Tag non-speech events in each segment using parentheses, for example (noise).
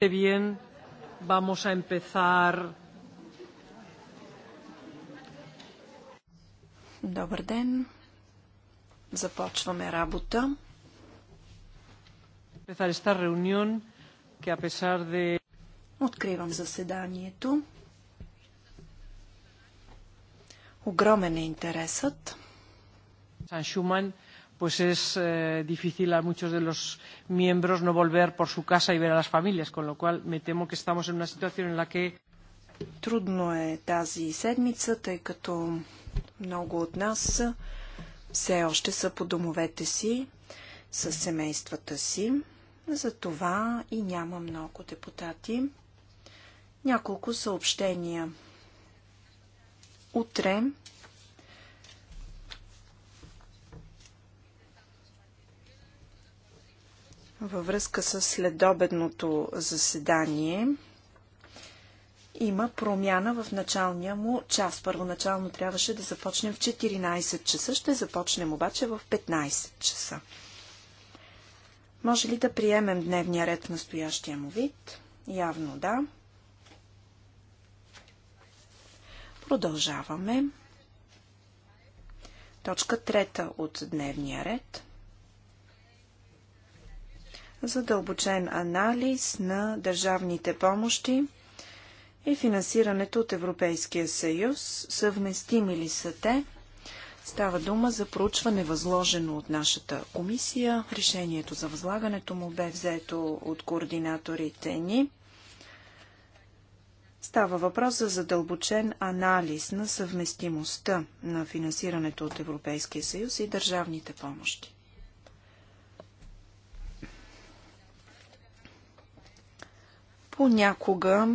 bien, vamos a empezar. Добър ден. Започваме работа. Empezar esta reunión que a pesar de Откривам заседанието. Огромен е интересът. Сан Шуман pues es eh, difícil a muchos de los miembros no volver por su casa y ver a las familias, con lo cual me temo que estamos en una situación en la que Трудно е тази седмица, тъй като много от нас все още са по домовете си, с семействата си. Затова и няма много депутати. Няколко съобщения. Утре във връзка с следобедното заседание има промяна в началния му час. Първоначално трябваше да започнем в 14 часа, ще започнем обаче в 15 часа. Може ли да приемем дневния ред в настоящия му вид? Явно да. Продължаваме. Точка трета от дневния ред – задълбочен анализ на държавните помощи и финансирането от Европейския съюз. Съвместими ли са те? Става дума за проучване възложено от нашата комисия. Решението за възлагането му бе взето от координаторите ни. Става въпрос за задълбочен анализ на съвместимостта на финансирането от Европейския съюз и държавните помощи. Понякога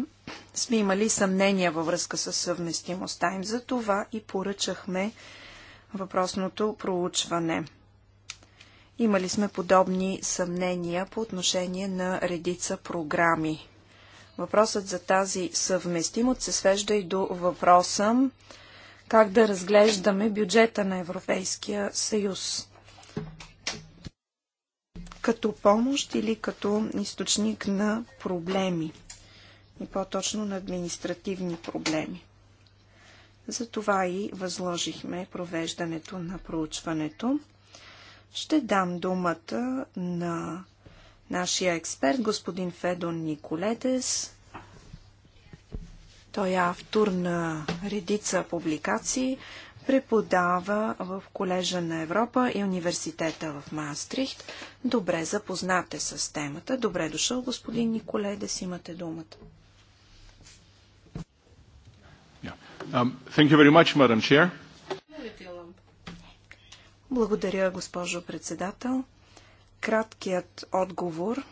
сме имали съмнения във връзка с съвместимостта им, за това и поръчахме въпросното проучване. Имали сме подобни съмнения по отношение на редица програми. Въпросът за тази съвместимост се свежда и до въпроса как да разглеждаме бюджета на Европейския съюз като помощ или като източник на проблеми и по-точно на административни проблеми. Затова и възложихме провеждането на проучването. Ще дам думата на нашия експерт, господин Федон Николедес. Той е автор на редица публикации, Преподава в Колежа на Европа и университета в Маастрихт. Добре запознате с темата. Добре дошъл, господин Николе, да си имате думата. Um, Благодаря, госпожо председател. Краткият отговор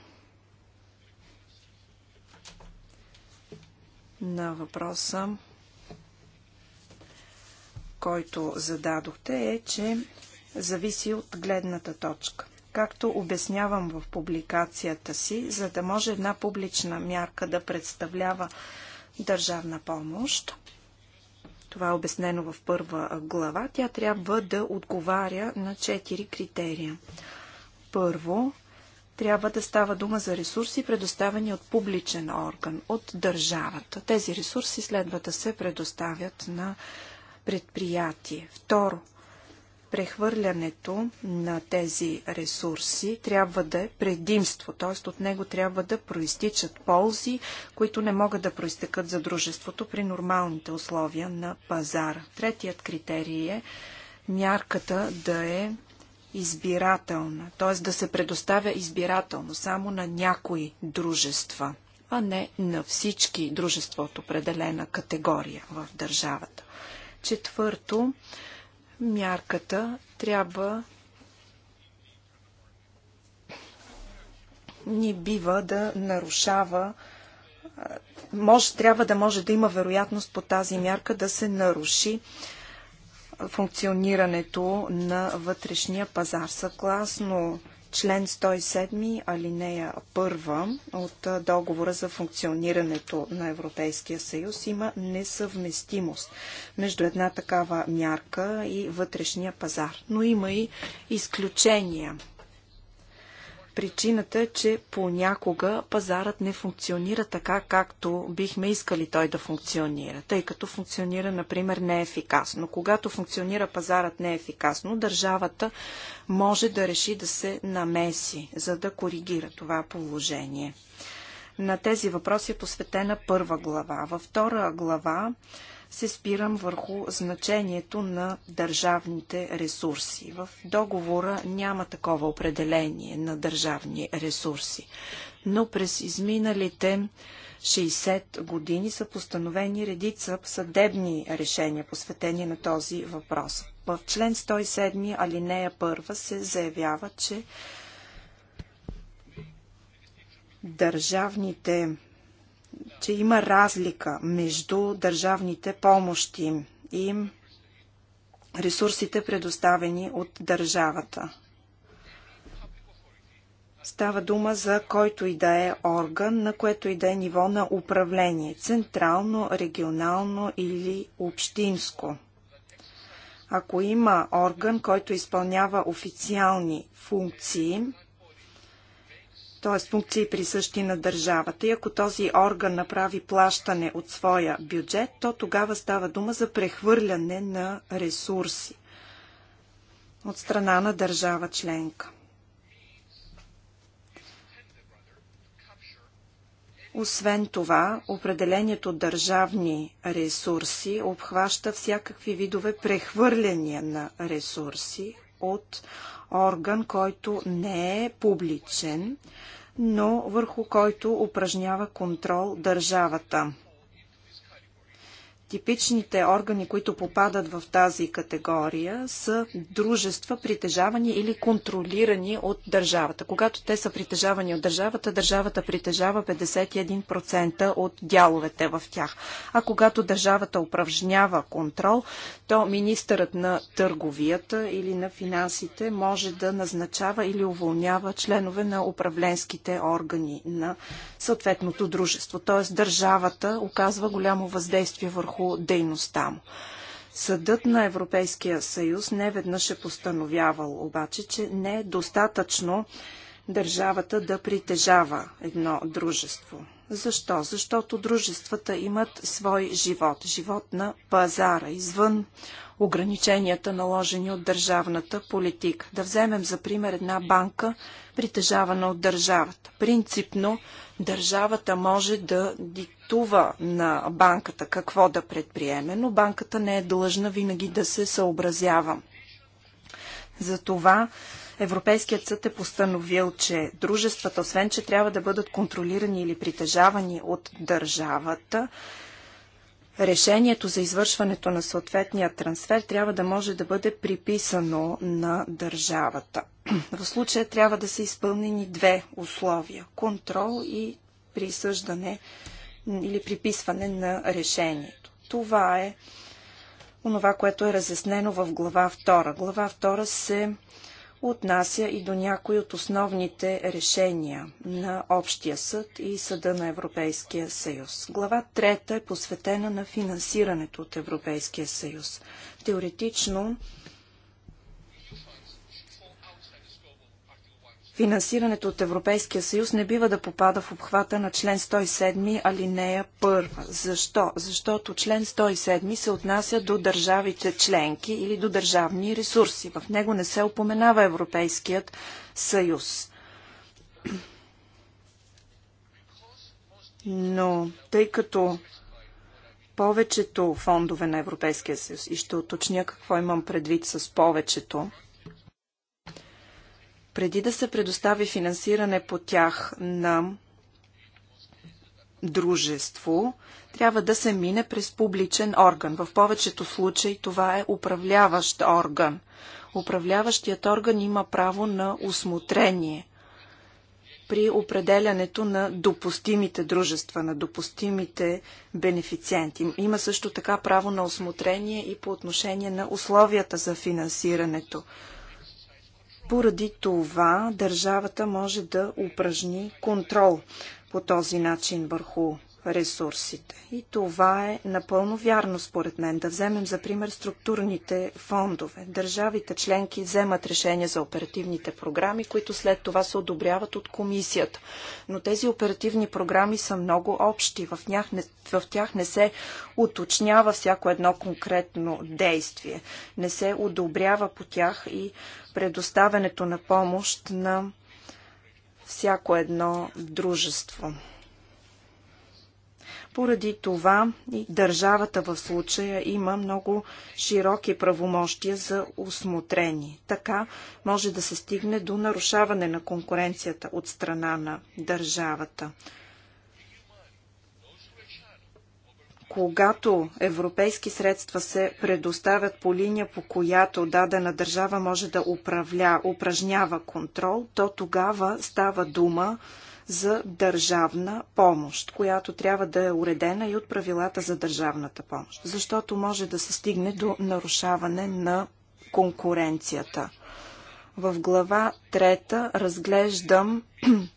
на въпроса който зададохте, е, че зависи от гледната точка. Както обяснявам в публикацията си, за да може една публична мярка да представлява държавна помощ, това е обяснено в първа глава, тя трябва да отговаря на четири критерия. Първо, трябва да става дума за ресурси, предоставени от публичен орган, от държавата. Тези ресурси следва да се предоставят на предприятие. Второ, прехвърлянето на тези ресурси трябва да е предимство, т.е. от него трябва да проистичат ползи, които не могат да проистекат за дружеството при нормалните условия на пазара. Третият критерий е мярката да е избирателна, т.е. да се предоставя избирателно само на някои дружества, а не на всички дружества от определена категория в държавата. Четвърто, мярката трябва ни бива да нарушава може, трябва да може да има вероятност по тази мярка да се наруши функционирането на вътрешния пазар. Съгласно член 107, алинея 1 от договора за функционирането на Европейския съюз има несъвместимост между една такава мярка и вътрешния пазар. Но има и изключения. Причината е, че понякога пазарът не функционира така, както бихме искали той да функционира, тъй като функционира, например, неефикасно. Когато функционира пазарът неефикасно, държавата може да реши да се намеси, за да коригира това положение. На тези въпроси е посветена първа глава. Във втора глава се спирам върху значението на държавните ресурси. В договора няма такова определение на държавни ресурси, но през изминалите 60 години са постановени редица съдебни решения, посветени на този въпрос. В член 107 алинея 1 се заявява, че държавните че има разлика между държавните помощи и ресурсите предоставени от държавата. Става дума за който и да е орган, на което и да е ниво на управление – централно, регионално или общинско. Ако има орган, който изпълнява официални функции – т.е. функции присъщи на държавата. И ако този орган направи плащане от своя бюджет, то тогава става дума за прехвърляне на ресурси от страна на държава членка. Освен това, определението държавни ресурси обхваща всякакви видове прехвърляния на ресурси, от орган, който не е публичен, но върху който упражнява контрол държавата. Типичните органи, които попадат в тази категория, са дружества, притежавани или контролирани от държавата. Когато те са притежавани от държавата, държавата притежава 51% от дяловете в тях. А когато държавата упражнява контрол, то министърът на търговията или на финансите може да назначава или уволнява членове на управленските органи на съответното дружество. Т.е. държавата оказва голямо въздействие върху върху дейността му. Съдът на Европейския съюз не веднъж е постановявал обаче, че не е достатъчно държавата да притежава едно дружество. Защо? Защото дружествата имат свой живот, живот на пазара, извън ограниченията, наложени от държавната политика. Да вземем за пример една банка, притежавана от държавата. Принципно държавата може да диктува на банката какво да предприеме, но банката не е длъжна винаги да се съобразява. Затова Европейският съд е постановил, че дружествата, освен че трябва да бъдат контролирани или притежавани от държавата, решението за извършването на съответния трансфер трябва да може да бъде приписано на държавата. (clears throat) В случая трябва да са изпълнени две условия – контрол и присъждане или приписване на решението. Това е онова, което е разяснено в глава 2. Глава 2 се отнася и до някои от основните решения на Общия съд и Съда на Европейския съюз. Глава 3 е посветена на финансирането от Европейския съюз. Теоретично Финансирането от Европейския съюз не бива да попада в обхвата на член 107 алинея 1. Защо? Защото член 107 се отнася до държавите членки или до държавни ресурси. В него не се упоменава Европейският съюз. Но тъй като повечето фондове на Европейския съюз, и ще уточня какво имам предвид с повечето, преди да се предостави финансиране по тях на дружество, трябва да се мине през публичен орган. В повечето случаи това е управляващ орган. Управляващият орган има право на осмотрение при определянето на допустимите дружества, на допустимите бенефициенти. Има също така право на осмотрение и по отношение на условията за финансирането. Поради това държавата може да упражни контрол по този начин върху ресурсите. И това е напълно вярно, според мен. Да вземем за пример структурните фондове. Държавите членки вземат решения за оперативните програми, които след това се одобряват от комисията. Но тези оперативни програми са много общи. В тях не, в тях не се уточнява всяко едно конкретно действие. Не се одобрява по тях и предоставянето на помощ на всяко едно дружество. Поради това и държавата в случая има много широки правомощия за осмотрение. Така може да се стигне до нарушаване на конкуренцията от страна на държавата. когато европейски средства се предоставят по линия, по която дадена държава може да управля, упражнява контрол, то тогава става дума за държавна помощ, която трябва да е уредена и от правилата за държавната помощ, защото може да се стигне до нарушаване на конкуренцията. В глава 3 разглеждам (clears throat)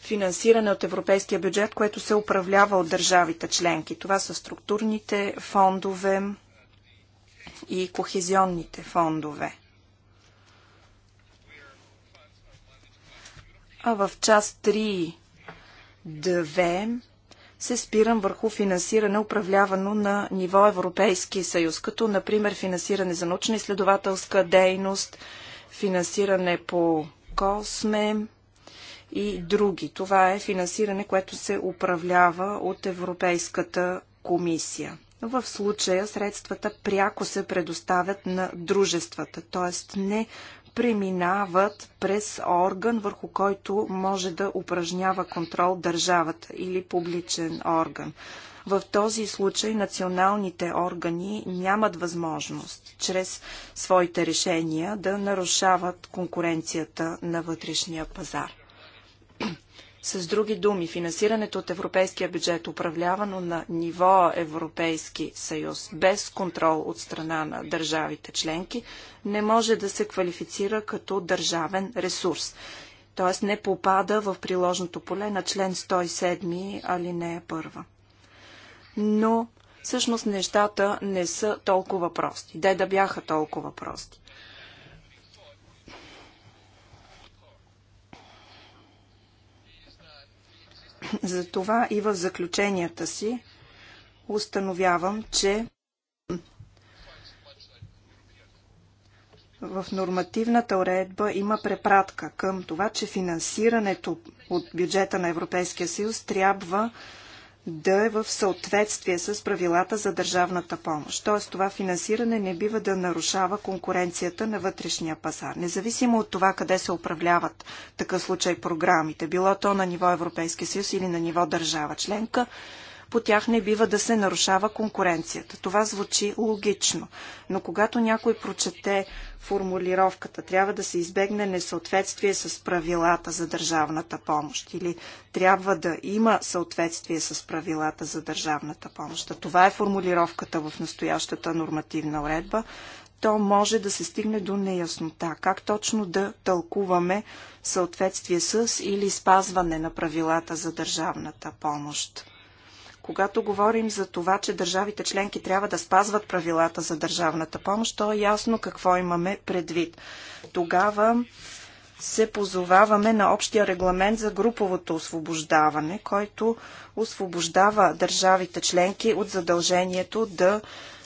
финансиране от европейския бюджет, което се управлява от държавите членки. Това са структурните фондове и кохезионните фондове. А в част 3 2 се спирам върху финансиране, управлявано на ниво Европейски съюз, като например финансиране за научно-изследователска дейност, финансиране по Косме и други. Това е финансиране, което се управлява от Европейската комисия. В случая средствата пряко се предоставят на дружествата, т.е. не преминават през орган, върху който може да упражнява контрол държавата или публичен орган. В този случай националните органи нямат възможност чрез своите решения да нарушават конкуренцията на вътрешния пазар. С други думи, финансирането от европейския бюджет, управлявано на ниво Европейски съюз, без контрол от страна на държавите членки, не може да се квалифицира като държавен ресурс. Т.е. не попада в приложното поле на член 107 алинея първа. Но всъщност нещата не са толкова прости. Де да бяха толкова прости. Затова и в заключенията си установявам, че в нормативната уредба има препратка към това, че финансирането от бюджета на Европейския съюз трябва да е в съответствие с правилата за държавната помощ. Т.е. това финансиране не бива да нарушава конкуренцията на вътрешния пазар. Независимо от това къде се управляват такъв случай програмите, било то на ниво Европейски съюз или на ниво държава членка, по тях не бива да се нарушава конкуренцията. Това звучи логично, но когато някой прочете формулировката трябва да се избегне несъответствие с правилата за държавната помощ или трябва да има съответствие с правилата за държавната помощ. А това е формулировката в настоящата нормативна уредба то може да се стигне до неяснота. Как точно да тълкуваме съответствие с или спазване на правилата за държавната помощ? Когато говорим за това, че държавите членки трябва да спазват правилата за държавната помощ, то е ясно какво имаме предвид. Тогава се позоваваме на общия регламент за груповото освобождаване, който освобождава държавите членки от задължението да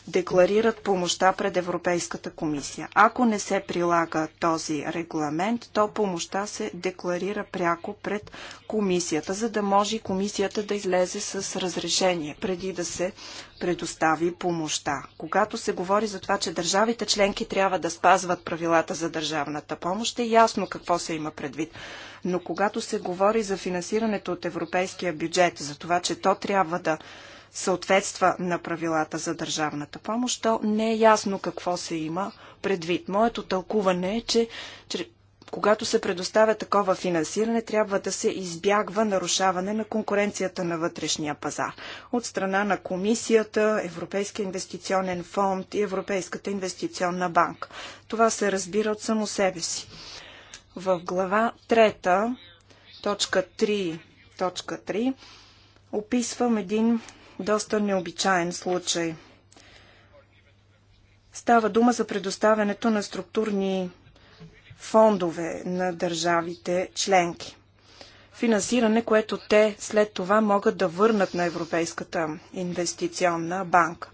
декларират помощта пред Европейската комисия. Ако не се прилага този регламент, то помощта се декларира пряко пред комисията, за да може комисията да излезе с разрешение преди да се предостави помощта. Когато се говори за това, че държавите членки трябва да спазват правилата за държавната помощ, е ясно какво се има предвид. Но когато се говори за финансирането от европейския бюджет, за това, че то трябва да съответства на правилата за държавната помощ, то не е ясно какво се има предвид. Моето тълкуване е, че, че когато се предоставя такова финансиране, трябва да се избягва нарушаване на конкуренцията на вътрешния пазар от страна на Комисията, Европейския инвестиционен фонд и Европейската инвестиционна банка. Това се разбира от само себе си. В глава 3, точка 3, точка 3 описвам един доста необичаен случай. Става дума за предоставянето на структурни фондове на държавите членки. Финансиране, което те след това могат да върнат на Европейската инвестиционна банка,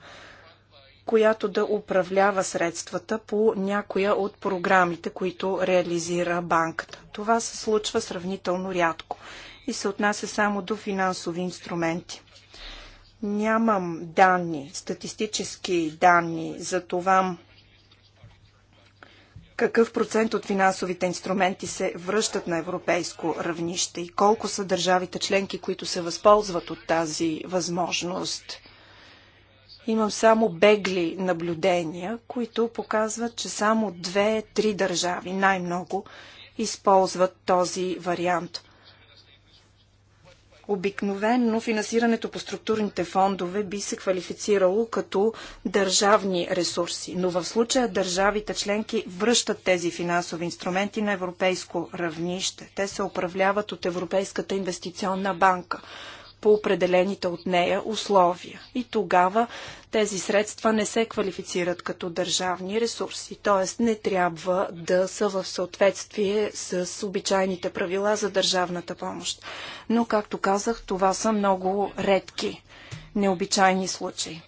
която да управлява средствата по някоя от програмите, които реализира банката. Това се случва сравнително рядко и се отнася само до финансови инструменти. Нямам данни, статистически данни за това какъв процент от финансовите инструменти се връщат на европейско равнище и колко са държавите членки, които се възползват от тази възможност. Имам само бегли наблюдения, които показват, че само две-три държави най-много използват този вариант. Обикновенно финансирането по структурните фондове би се квалифицирало като държавни ресурси, но в случая държавите членки връщат тези финансови инструменти на европейско равнище. Те се управляват от Европейската инвестиционна банка по определените от нея условия. И тогава тези средства не се квалифицират като държавни ресурси, т.е. не трябва да са в съответствие с обичайните правила за държавната помощ. Но, както казах, това са много редки, необичайни случаи.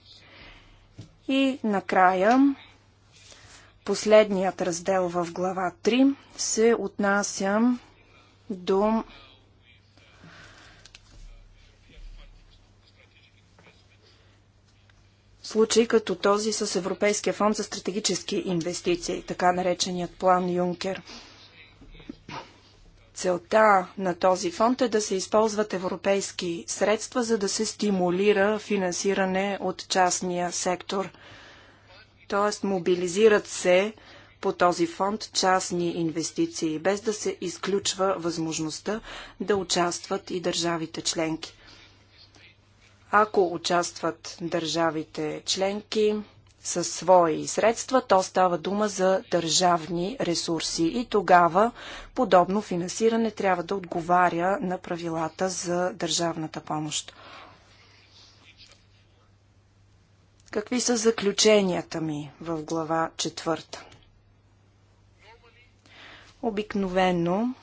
И накрая Последният раздел в глава 3 се отнася до случаи като този с Европейския фонд за стратегически инвестиции, така нареченият план Юнкер. Целта на този фонд е да се използват европейски средства, за да се стимулира финансиране от частния сектор. Тоест, мобилизират се по този фонд частни инвестиции, без да се изключва възможността да участват и държавите членки. Ако участват държавите членки със свои средства, то става дума за държавни ресурси и тогава подобно финансиране трябва да отговаря на правилата за държавната помощ. Какви са заключенията ми в глава четвърта? Обикновено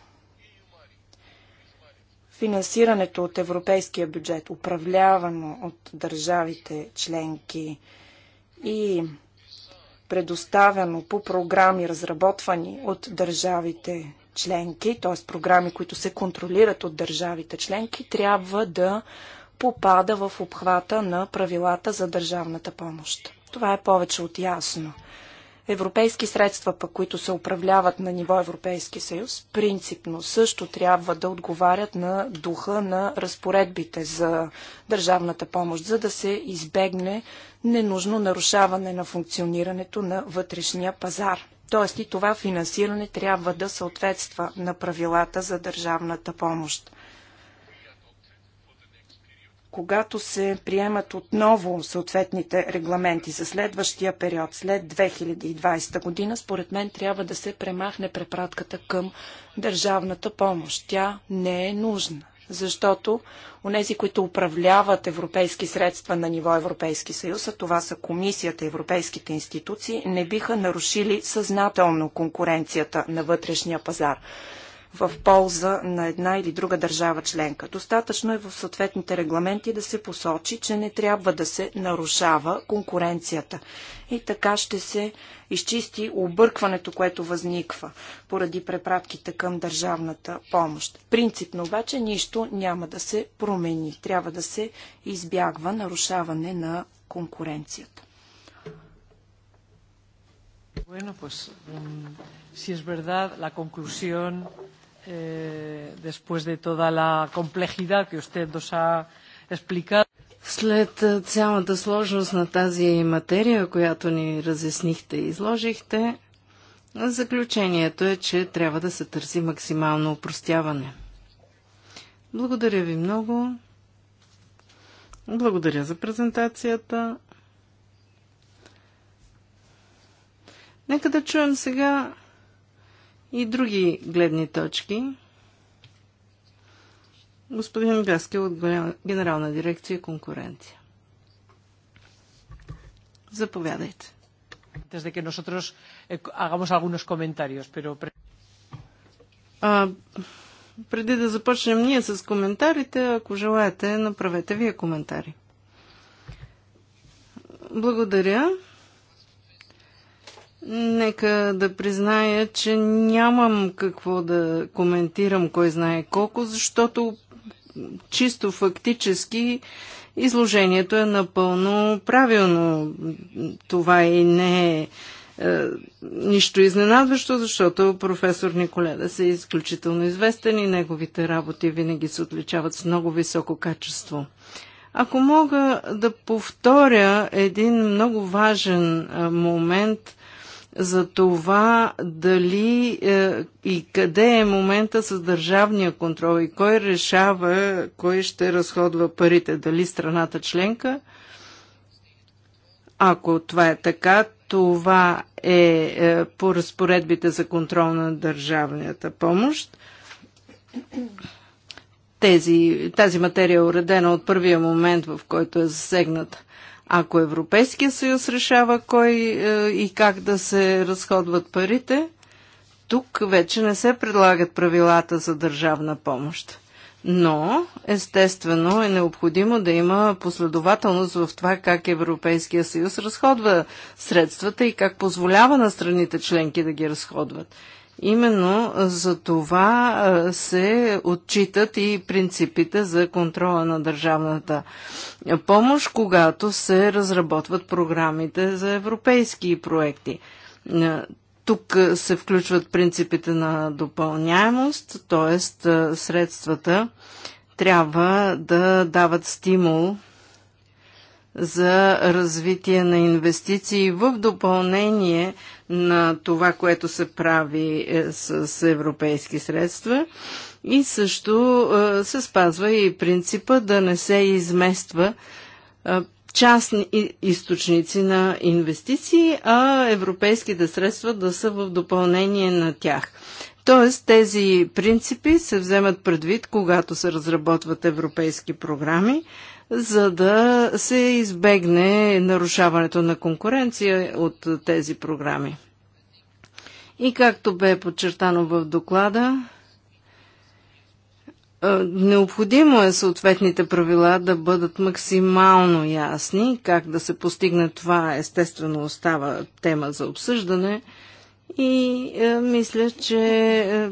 финансирането от европейския бюджет, управлявано от държавите членки и предоставяно по програми, разработвани от държавите членки, т.е. програми, които се контролират от държавите членки, трябва да попада в обхвата на правилата за държавната помощ. Това е повече от ясно. Европейски средства, пък, които се управляват на ниво Европейски съюз, принципно също трябва да отговарят на духа на разпоредбите за държавната помощ, за да се избегне ненужно нарушаване на функционирането на вътрешния пазар. Тоест и това финансиране трябва да съответства на правилата за държавната помощ когато се приемат отново съответните регламенти за следващия период, след 2020 година, според мен трябва да се премахне препратката към държавната помощ. Тя не е нужна, защото онези, които управляват европейски средства на ниво Европейски съюз, а това са комисията, и европейските институции, не биха нарушили съзнателно конкуренцията на вътрешния пазар в полза на една или друга държава членка. Достатъчно е в съответните регламенти да се посочи, че не трябва да се нарушава конкуренцията. И така ще се изчисти объркването, което възниква поради препратките към държавната помощ. Принципно обаче нищо няма да се промени. Трябва да се избягва нарушаване на конкуренцията. Bueno, pues um, si es verdad, la conclusión Eh, después de toda la complejidad que usted nos ha explicado. След е, цялата сложност на тази материя, която ни разяснихте и изложихте, заключението е, че трябва да се търси максимално упростяване. Благодаря ви много. Благодаря за презентацията. Нека да чуем сега и други гледни точки. Господин Гаскел от Генерална дирекция конкуренция. Заповядайте. Desde que nosotros eh, hagamos algunos comentarios, pero... А, преди да започнем ние с коментарите, ако желаете, направете вие коментари. Благодаря. Нека да призная, че нямам какво да коментирам кой знае колко, защото чисто фактически изложението е напълно правилно. Това и не е, е нищо изненадващо, защото професор Николеда се е изключително известен и неговите работи винаги се отличават с много високо качество. Ако мога да повторя един много важен е, момент – за това дали е, и къде е момента с държавния контрол и кой решава, кой ще разходва парите, дали страната членка. Ако това е така, това е, е по разпоредбите за контрол на държавната помощ. Тези, тази материя е уредена от първия момент, в който е засегната. Ако Европейския съюз решава кой е, и как да се разходват парите, тук вече не се предлагат правилата за държавна помощ. Но, естествено, е необходимо да има последователност в това как Европейския съюз разходва средствата и как позволява на страните членки да ги разходват. Именно за това се отчитат и принципите за контрола на държавната помощ, когато се разработват програмите за европейски проекти. Тук се включват принципите на допълняемост, т.е. средствата трябва да дават стимул за развитие на инвестиции в допълнение на това, което се прави е, с европейски средства. И също е, се спазва и принципа да не се измества е, частни източници на инвестиции, а европейските средства да са в допълнение на тях. Тоест тези принципи се вземат предвид, когато се разработват европейски програми, за да се избегне нарушаването на конкуренция от тези програми. И както бе подчертано в доклада, е, Необходимо е съответните правила да бъдат максимално ясни. Как да се постигне това, естествено, остава тема за обсъждане. И е, мисля, че е,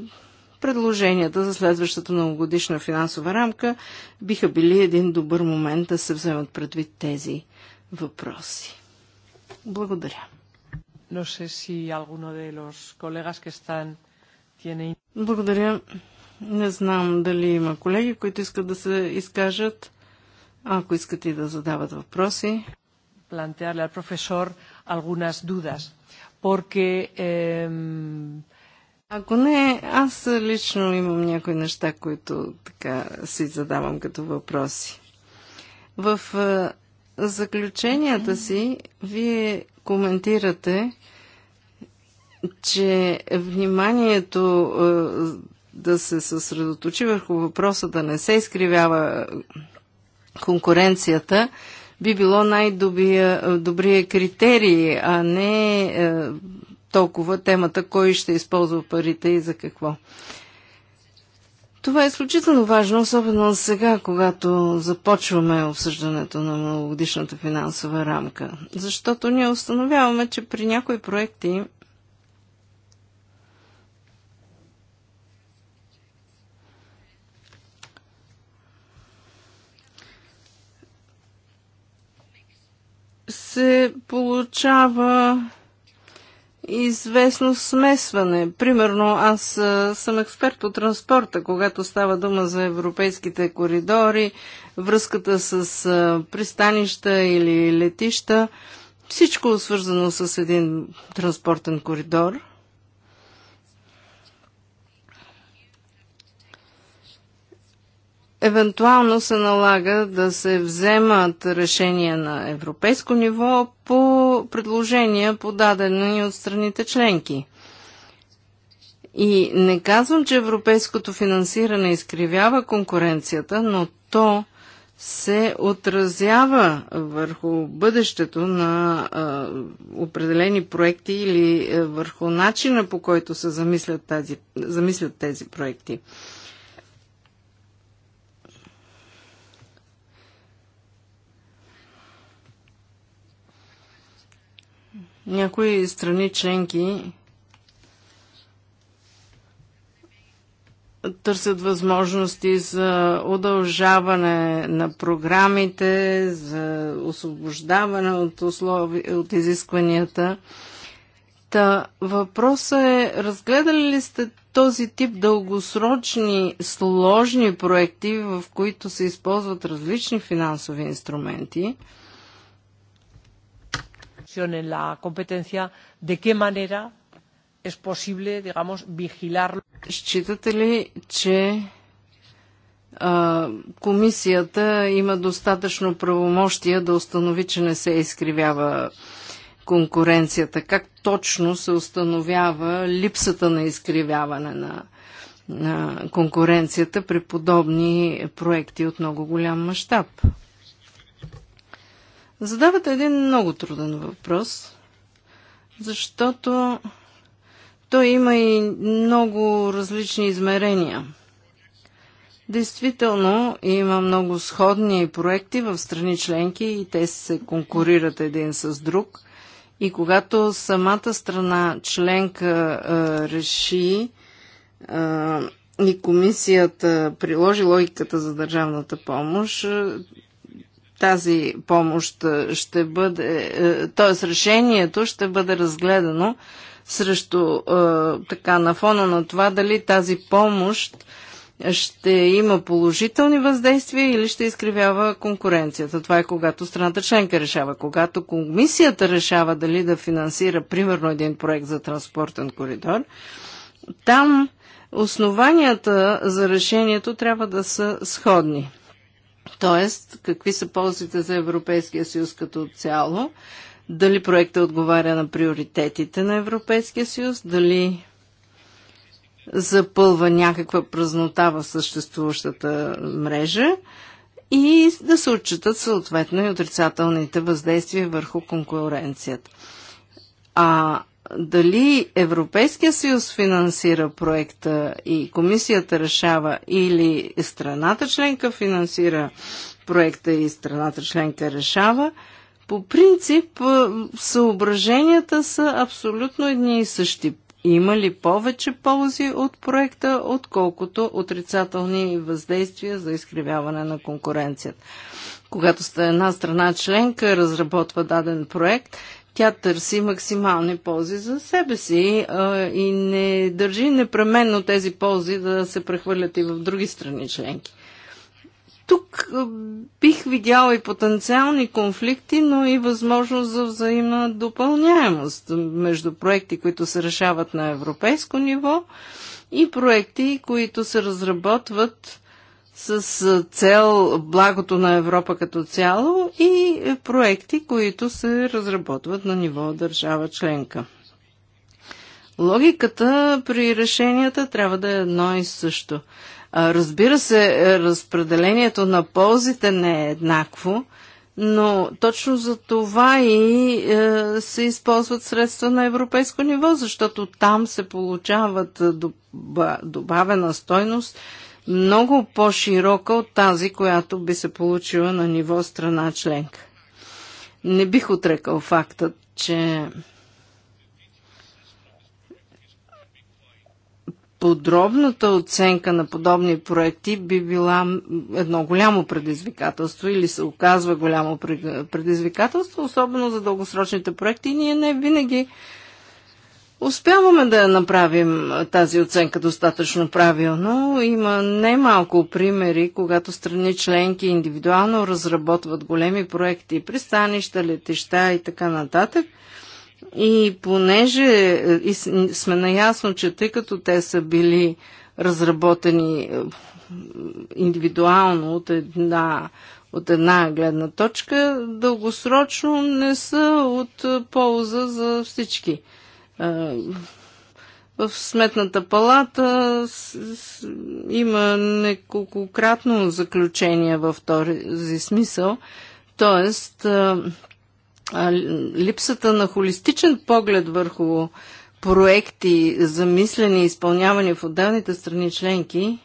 предложенията за следващата новогодишна финансова рамка биха били един добър момент да се вземат предвид тези въпроси. Благодаря. No sé si alguno de los colegas que están tiene... Благодаря. Не знам дали има колеги, които искат да се изкажат. Ако искат и да задават въпроси. Plantearle al profesor algunas dudas, porque eh, ако не, аз лично имам някои неща, които така си задавам като въпроси. В заключенията си вие коментирате, че вниманието да се съсредоточи върху въпроса да не се изкривява конкуренцията, би било най-добрия критерий, а не толкова темата кой ще използва парите и за какво. Това е изключително важно, особено сега, когато започваме обсъждането на многогодишната финансова рамка. Защото ние установяваме, че при някои проекти се получава известно смесване. Примерно, аз съм експерт по транспорта, когато става дума за европейските коридори, връзката с пристанища или летища, всичко е свързано с един транспортен коридор – евентуално се налага да се вземат решения на европейско ниво по предложения, подадени от страните членки. И не казвам, че европейското финансиране изкривява конкуренцията, но то се отразява върху бъдещето на а, определени проекти или а, върху начина по който се замислят, тази, замислят тези проекти. Някои страни членки търсят възможности за удължаване на програмите, за освобождаване от, услови, от изискванията. Та въпросът е, разгледали ли сте този тип дългосрочни, сложни проекти, в които се използват различни финансови инструменти – comisión en la competencia, de qué manera es posible, digamos, vigilarlo. Считате ли, че а, комисията има достатъчно правомощия да установи, че не се изкривява конкуренцията? Как точно се установява липсата на изкривяване на, на конкуренцията при подобни проекти от много голям мащаб? Задавате един много труден въпрос, защото той има и много различни измерения. Действително има много сходни проекти в страни членки и те се конкурират един с друг. И когато самата страна членка а, реши а, и комисията приложи логиката за държавната помощ, тази помощ ще бъде, т.е. решението ще бъде разгледано срещу така на фона на това дали тази помощ ще има положителни въздействия или ще изкривява конкуренцията. Това е когато страната членка решава. Когато комисията решава дали да финансира примерно един проект за транспортен коридор, там основанията за решението трябва да са сходни. Тоест, какви са ползите за Европейския съюз като цяло? Дали проектът отговаря на приоритетите на Европейския съюз? Дали запълва някаква празнота в съществуващата мрежа? И да се отчитат съответно и отрицателните въздействия върху конкуренцията. А дали Европейския съюз финансира проекта и комисията решава или страната членка финансира проекта и страната членка решава, по принцип е, съображенията са абсолютно едни и същи. Има ли повече ползи от проекта, отколкото отрицателни въздействия за изкривяване на конкуренцията? Когато сте една страна членка, разработва даден проект тя търси максимални ползи за себе си а, и не държи непременно тези ползи да се прехвърлят и в други страни членки. Тук бих видяла и потенциални конфликти, но и възможност за взаимна допълняемост между проекти, които се решават на европейско ниво и проекти, които се разработват с цел благото на Европа като цяло и проекти, които се разработват на ниво държава членка. Логиката при решенията трябва да е едно и също. Разбира се, разпределението на ползите не е еднакво, но точно за това и е, се използват средства на европейско ниво, защото там се получават е, добавена стойност много по-широка от тази, която би се получила на ниво страна членка. Не бих отрекал фактът, че подробната оценка на подобни проекти би била едно голямо предизвикателство или се оказва голямо предизвикателство, особено за дългосрочните проекти. И ние не винаги Успяваме да направим тази оценка достатъчно правилно. Има немалко примери, когато страни членки индивидуално разработват големи проекти, пристанища, летища и така нататък. И понеже и сме наясно, че тъй като те са били разработени е, индивидуално от една, от една гледна точка, дългосрочно не са от е, полза за всички. В Сметната палата има неколкократно заключение в този смисъл, т.е. липсата на холистичен поглед върху проекти, замислени и изпълнявани в отделните страни членки,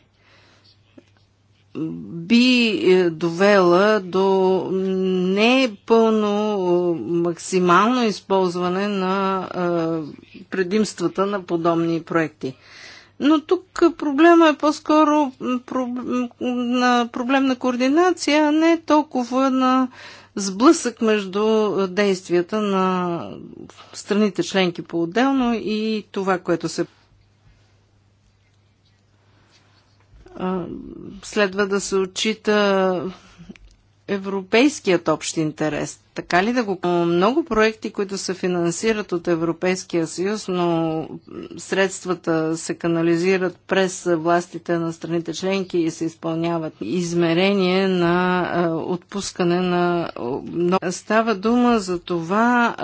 би е, довела до непълно е, максимално използване на е, предимствата на подобни проекти. Но тук проблема е по-скоро на проблем на координация, а не толкова на сблъсък между действията на страните членки по-отделно и това, което се Следва да се отчита европейският общ интерес. Така ли да го... Много проекти, които се финансират от Европейския съюз, но средствата се канализират през властите на страните членки и се изпълняват измерение на отпускане на... Но става дума за това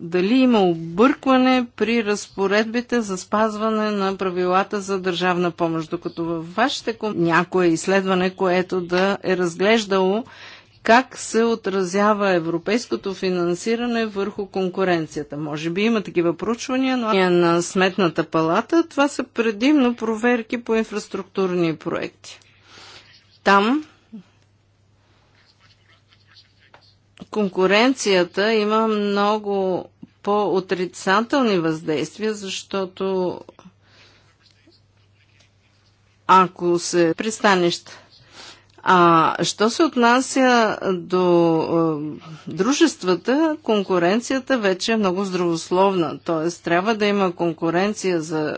дали има объркване при разпоредбите за спазване на правилата за държавна помощ, докато във вашите... Някое изследване, което да е разглеждало как се отразява европейското финансиране върху конкуренцията. Може би има такива проучвания, но е на Сметната палата това са предимно проверки по инфраструктурни проекти. Там конкуренцията има много по-отрицателни въздействия, защото ако се пристанища а що се отнася до а, дружествата, конкуренцията вече е много здравословна. Т.е. трябва да има конкуренция за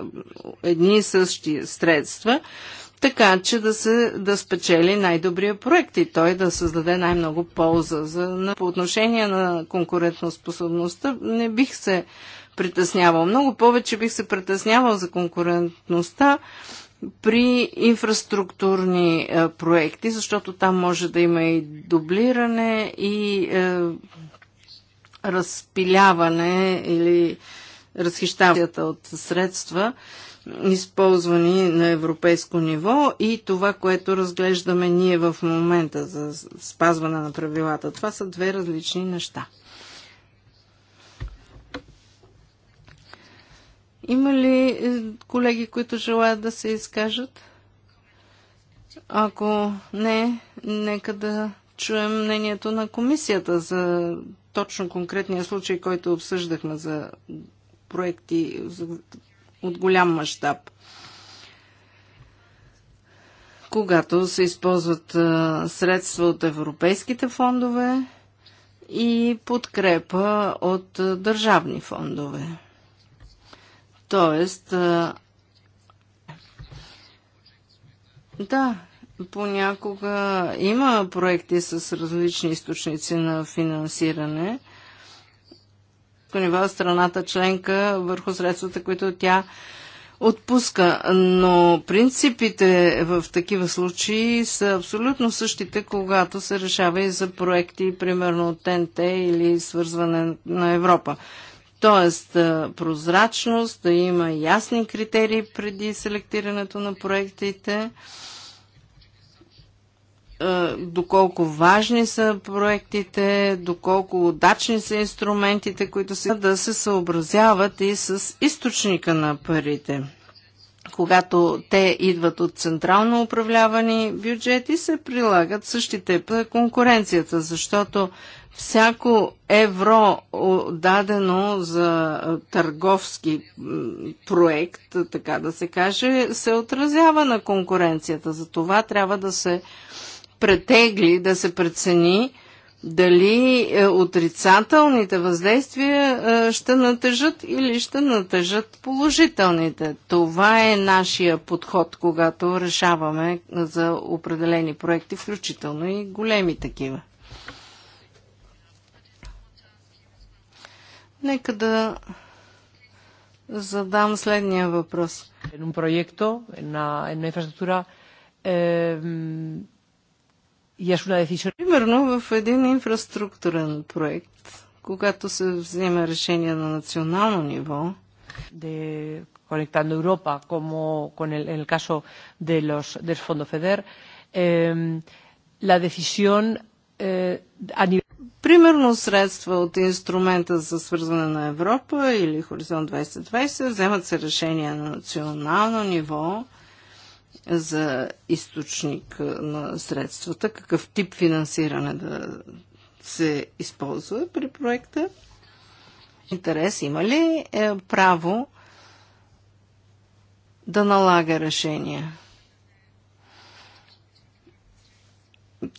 едни и същи средства, така че да, се, да спечели най-добрия проект и той да създаде най-много полза. За, на, по отношение на конкурентоспособността не бих се притеснявал. Много повече бих се притеснявал за конкурентността при инфраструктурни е, проекти, защото там може да има и дублиране и е, разпиляване или разхищаванията от средства, използвани на европейско ниво и това, което разглеждаме ние в момента за спазване на правилата. Това са две различни неща. Има ли е, колеги, които желаят да се изкажат? Ако не, нека да чуем мнението на комисията за точно конкретния случай, който обсъждахме за проекти от голям мащаб. Когато се използват е, средства от европейските фондове и подкрепа от е, държавни фондове. Тоест, да, понякога има проекти с различни източници на финансиране по нива страната членка върху средствата, които тя отпуска. Но принципите в такива случаи са абсолютно същите, когато се решава и за проекти, примерно от ТНТ или свързване на Европа. Т.е. прозрачност, да има ясни критерии преди селектирането на проектите, доколко важни са проектите, доколко удачни са инструментите, които са да се съобразяват и с източника на парите когато те идват от централно управлявани бюджети, се прилагат същите конкуренцията, защото всяко евро дадено за търговски проект, така да се каже, се отразява на конкуренцията. За това трябва да се претегли, да се прецени дали отрицателните въздействия ще натъжат или ще натъжат положителните. Това е нашия подход, когато решаваме за определени проекти, включително и големи такива. Нека да задам следния въпрос. Едно проекто, една инфраструктура. И Примерно в един инфраструктурен проект, когато се взема решение на национално ниво, de Conectando Europa, como con el, en el caso de los, del Fondo FEDER, eh, la decisión eh, a nivel. Примерно средства от инструмента за свързване на Европа или Хоризонт 2020 вземат се решения на национално ниво за източник на средствата, какъв тип финансиране да се използва при проекта. Интерес има ли е право да налага решения?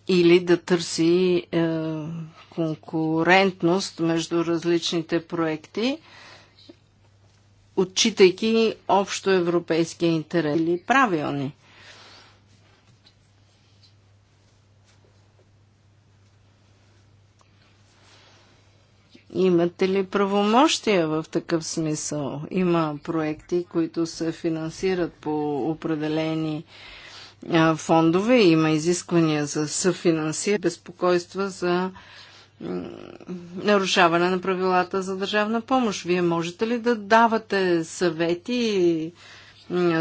Или да търси е, конкурентност между различните проекти, отчитайки общо европейския интерес или правилни. Имате ли правомощия в такъв смисъл? Има проекти, които се финансират по определени фондове, има изисквания за съфинансиране, безпокойства за нарушаване на правилата за държавна помощ. Вие можете ли да давате съвети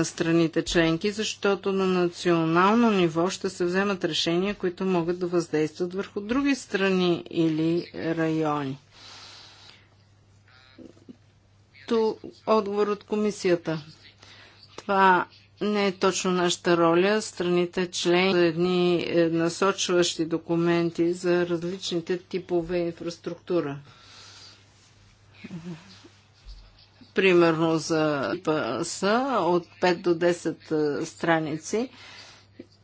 страните членки, защото на национално ниво ще се вземат решения, които могат да въздействат върху други страни или райони? като отговор от комисията. Това не е точно нашата роля. Страните член за едни е, насочващи документи за различните типове инфраструктура. Примерно за ПАСА от 5 до 10 е, страници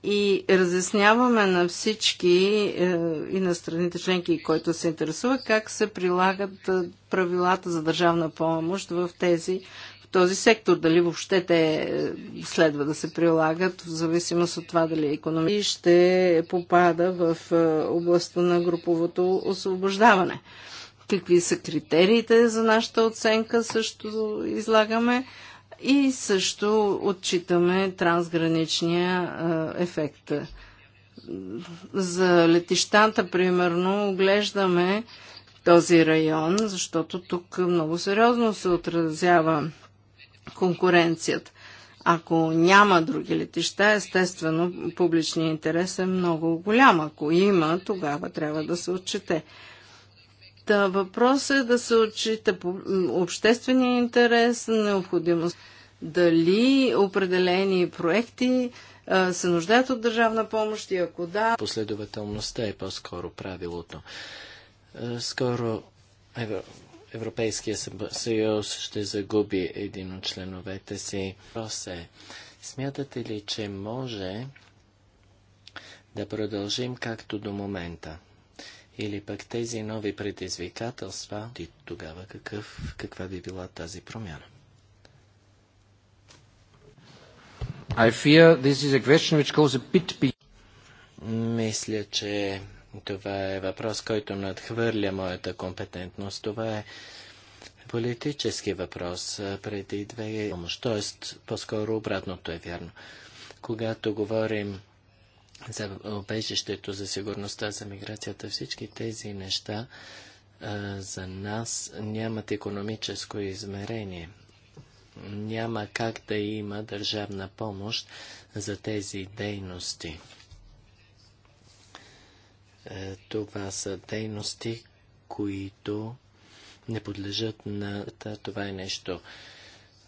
и разясняваме на всички е, и на страните членки, които се интересуват, как се прилагат е, правилата за държавна помощ в тези в този сектор, дали въобще те е, следва да се прилагат, в зависимост от това дали е економия, ще попада в областта на груповото освобождаване. Какви са критериите за нашата оценка, също излагаме и също отчитаме трансграничния ефект. За летищата, примерно, оглеждаме този район, защото тук много сериозно се отразява конкуренцията. Ако няма други летища, естествено, публичният интерес е много голям. Ако има, тогава трябва да се отчете. Та въпрос е да се отчита обществения интерес, необходимост. Дали определени проекти а, се нуждаят от държавна помощ и ако да... Последователността е по-скоро правилото. Скоро Европейския съюз ще загуби един от членовете си. Въпрос е, смятате ли, че може да продължим както до момента? или пък тези нови предизвикателства, и тогава какъв, каква би била тази промяна? I fear this is a question which goes a bit Мисля, че това е въпрос, който надхвърля моята компетентност. Това е политически въпрос преди две помощ. Тоест, по-скоро обратното е вярно. Когато говорим за обежището, за сигурността, за миграцията, всички тези неща за нас нямат економическо измерение. Няма как да има държавна помощ за тези дейности. Е, това са дейности, които не подлежат на... Това е нещо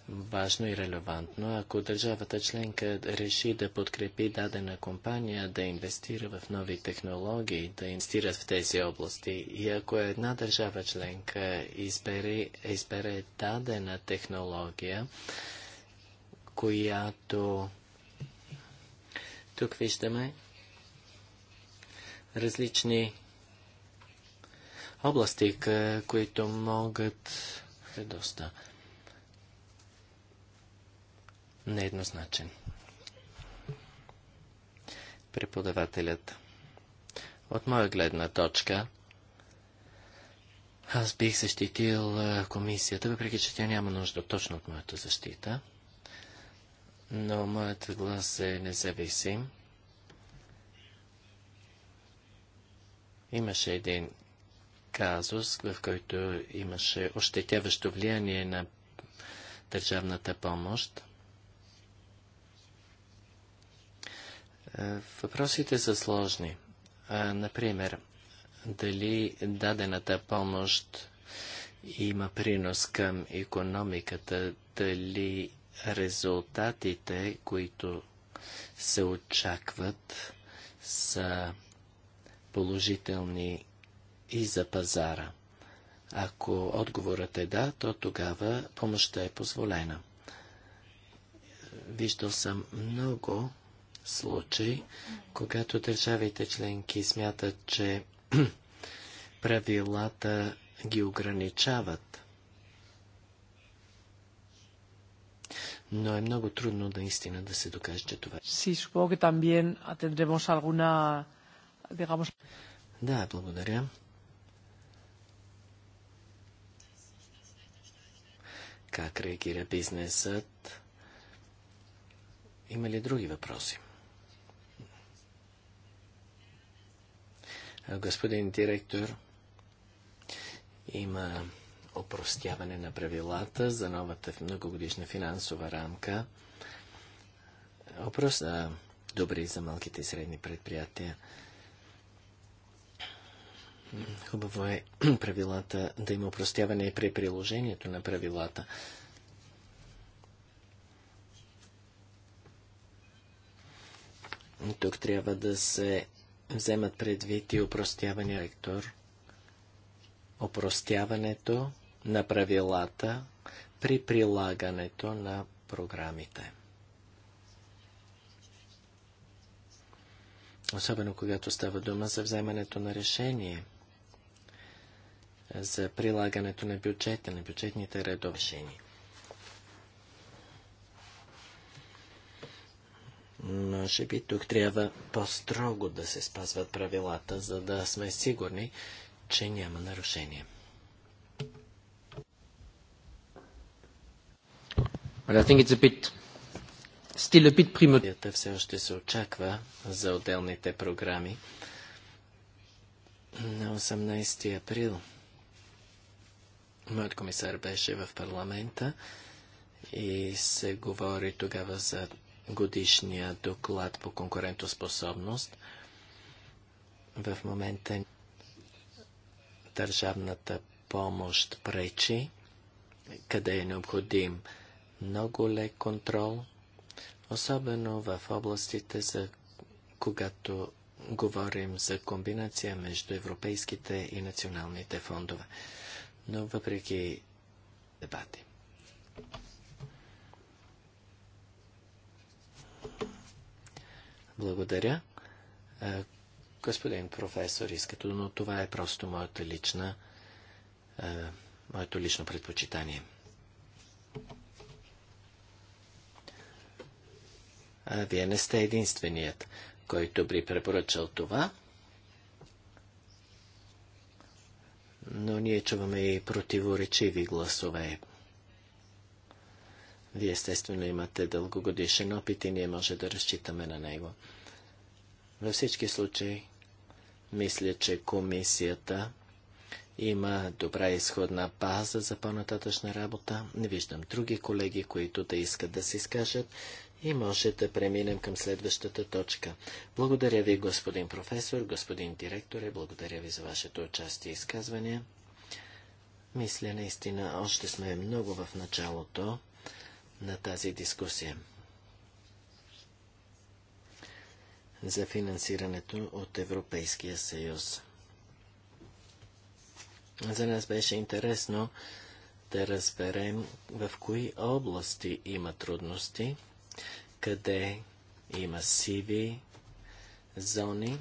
важно и релевантно. Ако държавата членка реши да подкрепи дадена компания, да инвестира в нови технологии, да инвестира в тези области и ако една държава членка избере, избере дадена технология, която тук виждаме различни области, които могат доста нееднозначен. Преподавателят. От моя гледна точка, аз бих защитил комисията, въпреки че тя няма нужда точно от моята защита. Но моят глас е независим. Имаше един казус, в който имаше ощетяващо влияние на държавната помощ. Е, въпросите са сложни. Е, например, дали дадената помощ има принос към економиката, дали резултатите, които се очакват, са положителни и за пазара. Ако отговорът е да, то тогава помощта е позволена. Виждал съм много случай, когато държавите членки смятат, че (clears throat) правилата ги ограничават. Но е много трудно наистина да се докаже, че това. е. Да, благодаря. Как реагира бизнесът? Има ли други въпроси? Господин директор, има опростяване на правилата за новата многогодишна финансова рамка. Опрос за добри за малките и средни предприятия. Хубаво е (clears throat) правилата да има опростяване и при приложението на правилата. Тук трябва да се вземат предвид и упростявания ректор, опростяването на правилата при прилагането на програмите. Особено когато става дума за вземането на решение, за прилагането на бюджета, на бюджетните редовшения. Може би тук трябва по-строго да се спазват правилата, за да сме сигурни, че няма нарушение. But I think it's a bit still a bit все още се очаква за отделните програми. На 18 април моят комисар беше в парламента и се говори тогава за годишния доклад по конкурентоспособност. В момента държавната помощ пречи, къде е необходим много лек контрол, особено в областите, за когато говорим за комбинация между европейските и националните фондове. Но въпреки дебати. Благодаря. Е, господин професор, искато, но това е просто моята лична, е, моето лично предпочитание. А вие не сте единственият, който би препоръчал това. Но ние чуваме и противоречиви гласове. Вие естествено имате дългогодишен опит и ние може да разчитаме на него. Във всички случаи, мисля, че комисията има добра изходна база за по-нататъчна работа. Не виждам други колеги, които да искат да се изкажат и може да преминем към следващата точка. Благодаря ви, господин професор, господин директор, благодаря ви за вашето участие и изказване. Мисля наистина, още сме много в началото на тази дискусия за финансирането от Европейския съюз. За нас беше интересно да разберем в кои области има трудности, къде има сиви зони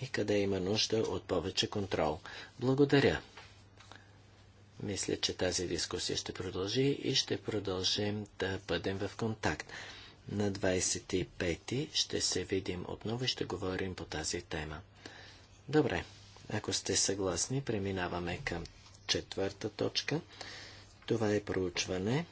и къде има нужда от повече контрол. Благодаря. Мисля, че тази дискусия ще продължи и ще продължим да бъдем в контакт. На 25-ти ще се видим отново и ще говорим по тази тема. Добре, ако сте съгласни, преминаваме към четвърта точка. Това е проучване.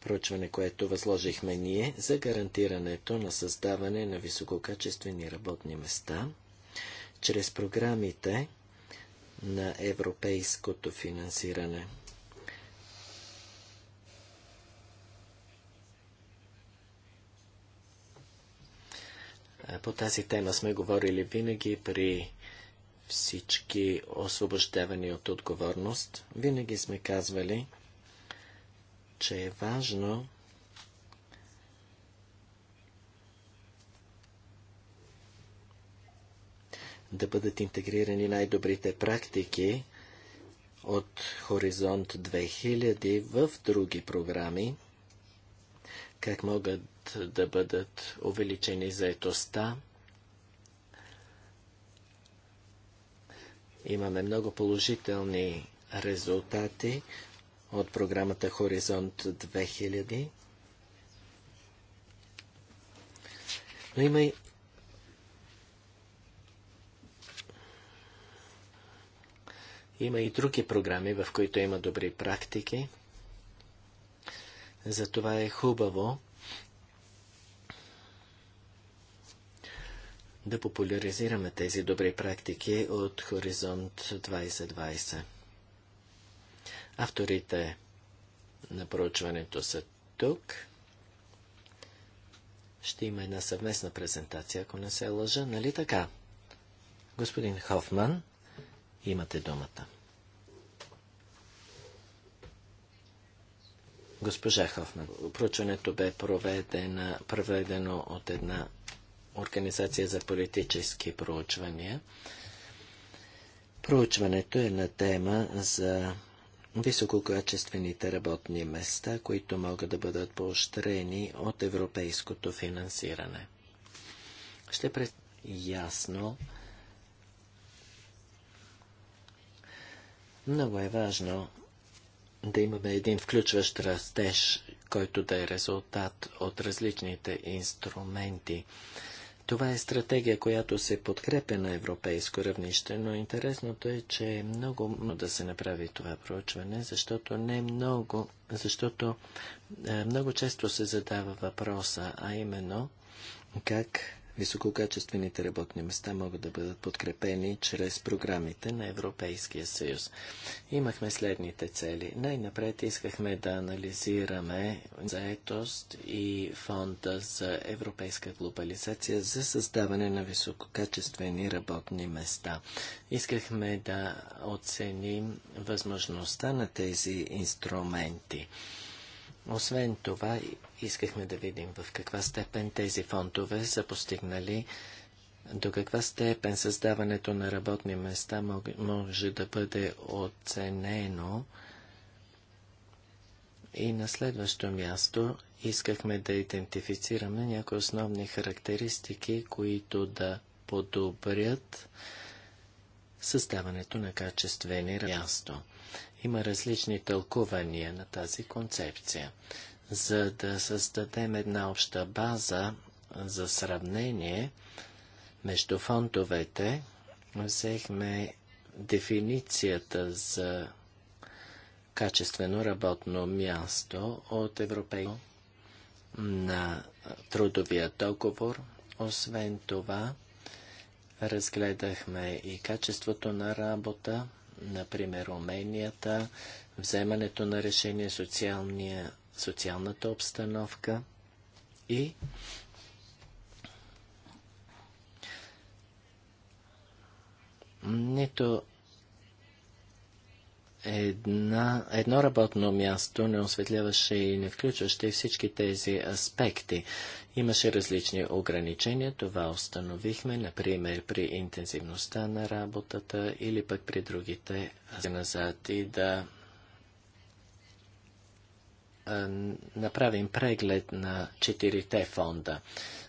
Проучване, което възложихме ние за гарантирането на създаване на висококачествени работни места чрез програмите на европейското финансиране. По тази тема сме говорили винаги при всички освобождавани от отговорност. Винаги сме казвали, че е важно да бъдат интегрирани най-добрите практики от Хоризонт 2000 в други програми, как могат да бъдат увеличени заетостта. Имаме много положителни резултати от програмата Хоризонт 2000. Но има Има и други програми, в които има добри практики. Затова е хубаво да популяризираме тези добри практики от Хоризонт 2020. Авторите на проучването са тук. Ще има една съвместна презентация, ако не се лъжа, нали така? Господин Хофман, Имате думата. Госпожа Хофман, проучването бе проведено, проведено от една организация за политически проучвания. Проучването е на тема за висококачествените работни места, които могат да бъдат поощрени от европейското финансиране. Ще пред ясно Много е важно да имаме един включващ растеж, който да е резултат от различните инструменти. Това е стратегия, която се подкрепя на европейско равнище, но интересното е, че е много да се направи това проучване, защото не много, защото е, много често се задава въпроса, а именно как Висококачествените работни места могат да бъдат подкрепени чрез програмите на Европейския съюз. Имахме следните цели. Най-напред искахме да анализираме заетост и фонда за европейска глобализация за създаване на висококачествени работни места. Искахме да оценим възможността на тези инструменти. Освен това, искахме да видим в каква степен тези фондове са постигнали, до каква степен създаването на работни места може да бъде оценено. И на следващо място искахме да идентифицираме някои основни характеристики, които да подобрят създаването на качествени място. Има различни тълкувания на тази концепция. За да създадем една обща база за сравнение между фондовете, взехме дефиницията за качествено работно място от европейско на трудовия договор. Освен това, разгледахме и качеството на работа, например, уменията, вземането на решение, социалната обстановка и нито една, едно работно място не осветляваше и не включваше всички тези аспекти. Имаше различни ограничения, това установихме, например, при интензивността на работата или пък при другите назад и да направим преглед на четирите фонда.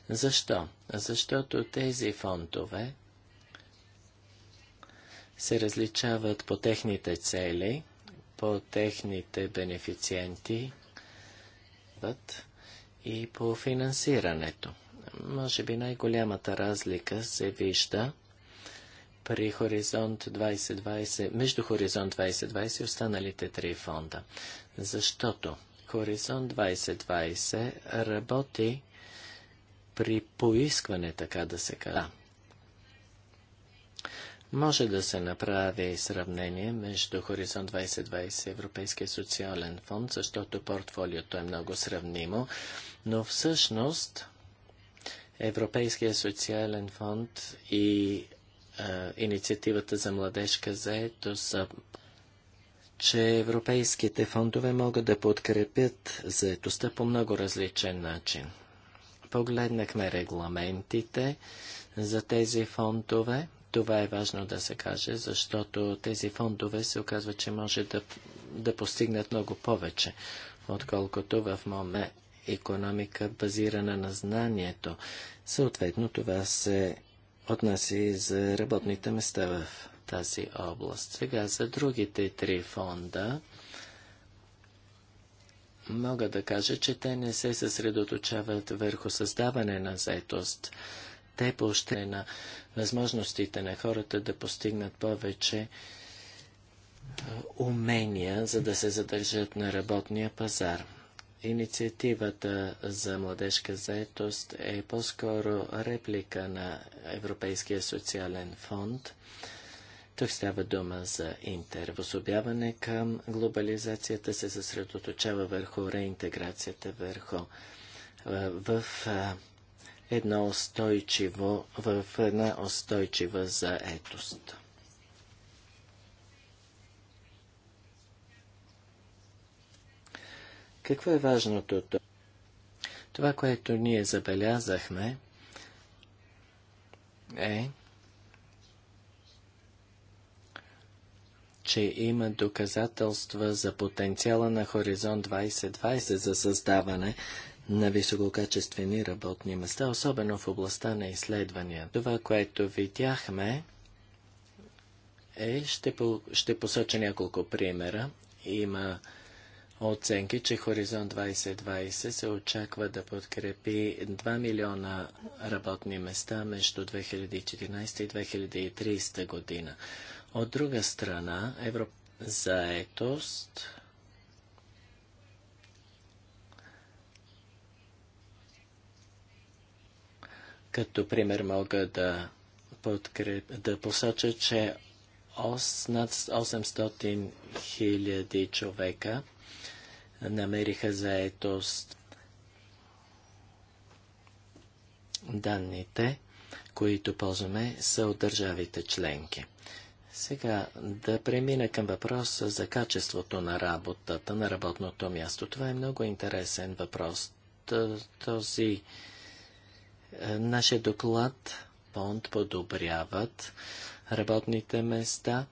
Защо? Защото тези фондове се различават по техните цели, по техните бенефициенти, и по финансирането. Може би най-голямата разлика се вижда при Хоризонт 2020, между Хоризонт 2020 и останалите три фонда. Защото Хоризонт 2020 работи при поискване, така да се казва. Може да се направи сравнение между Хоризонт 2020 и Европейския социален фонд, защото портфолиото е много сравнимо. Но всъщност Европейския социален фонд и а, инициативата за младежка заето са, че европейските фондове могат да подкрепят заетостта по много различен начин. Погледнахме регламентите за тези фондове. Това е важно да се каже, защото тези фондове се оказва, че може да, да постигнат много повече, отколкото в момента економика, базирана на знанието. Съответно, това се отнася и за работните места в тази област. Сега за другите три фонда мога да кажа, че те не се съсредоточават върху създаване на заетост. Те поощряват на възможностите на хората да постигнат повече е, умения, за да се задържат на работния пазар. Инициативата за младежка заетост е по-скоро реплика на Европейския социален фонд. Тук става дума за интервособяване към глобализацията, се съсредоточава върху реинтеграцията, върху в едно устойчиво, в една устойчива заетост. Какво е важното? Това, което ние забелязахме, е, че има доказателства за потенциала на Хоризонт 2020 за създаване на висококачествени работни места, особено в областта на изследвания. Това, което видяхме, е, ще, по, ще посоча няколко примера. Има оценки, че Хоризонт 2020 се очаква да подкрепи 2 милиона работни места между 2014 и 2030 година. От друга страна, Евро... заетост като пример мога да, подкреп... да посоча, че над 800 хиляди човека намериха заетост. Данните, които ползваме, са от държавите членки. Сега да премина към въпроса за качеството на работата, на работното място. Това е много интересен въпрос. Този е, нашия доклад понт подобряват работните места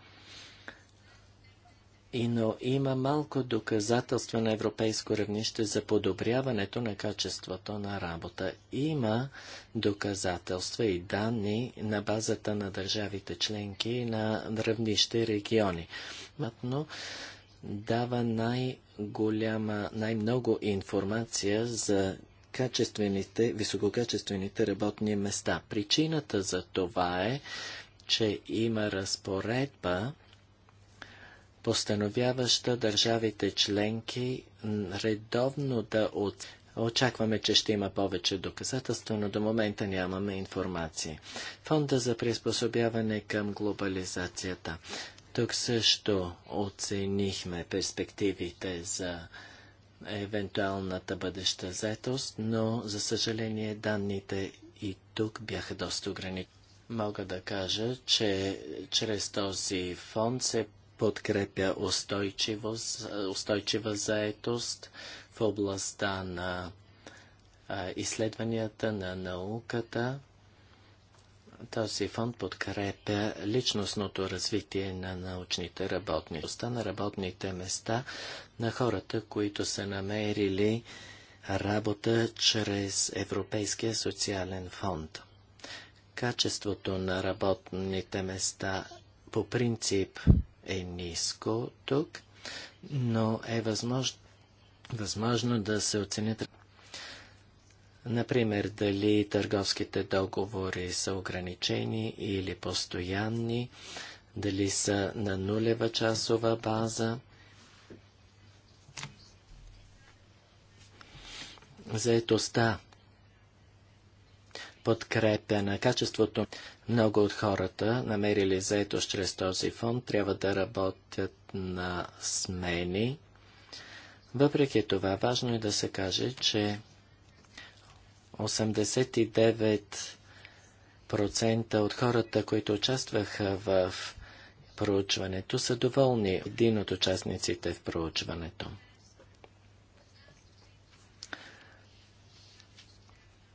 и, но има малко доказателства на европейско равнище за подобряването на качеството на работа. Има доказателства и данни на базата на държавите членки и на равнище региони. Матно дава най-голяма, най-много информация за качествените, висококачествените работни места. Причината за това е, че има разпоредба, постановяваща държавите членки редовно да от... Очакваме, че ще има повече доказателства, но до момента нямаме информация. Фонда за приспособяване към глобализацията. Тук също оценихме перспективите за евентуалната бъдеща заетост, но за съжаление данните и тук бяха доста ограничени. Мога да кажа, че чрез този фонд се подкрепя устойчива заетост в областта на изследванията на науката. Този фонд подкрепя личностното развитие на научните работници, на работните места на хората, които са намерили работа чрез Европейския социален фонд. Качеството на работните места по принцип е ниско тук, но е възможно, възможно да се оценят. Например, дали търговските договори са ограничени или постоянни, дали са на нулева часова база. Заетостта подкрепя на качеството. Много от хората, намерили заетост чрез този фонд, трябва да работят на смени. Въпреки това, важно е да се каже, че 89% от хората, които участваха в проучването, са доволни един от участниците в проучването.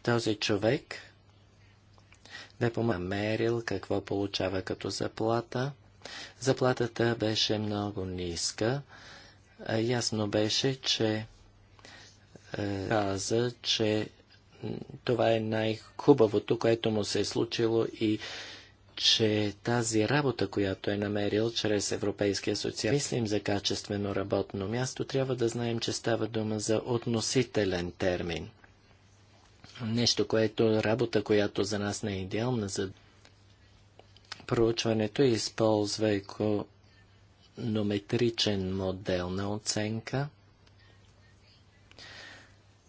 Този човек бе померил какво получава като заплата. Заплатата беше много ниска. Ясно беше, че е, каза, че това е най-хубавото, което му се е случило и че тази работа, която е намерил чрез Европейския социал, мислим за качествено работно място, трябва да знаем, че става дума за относителен термин нещо, което е работа, която за нас не е идеална за проучването използва економетричен модел на оценка.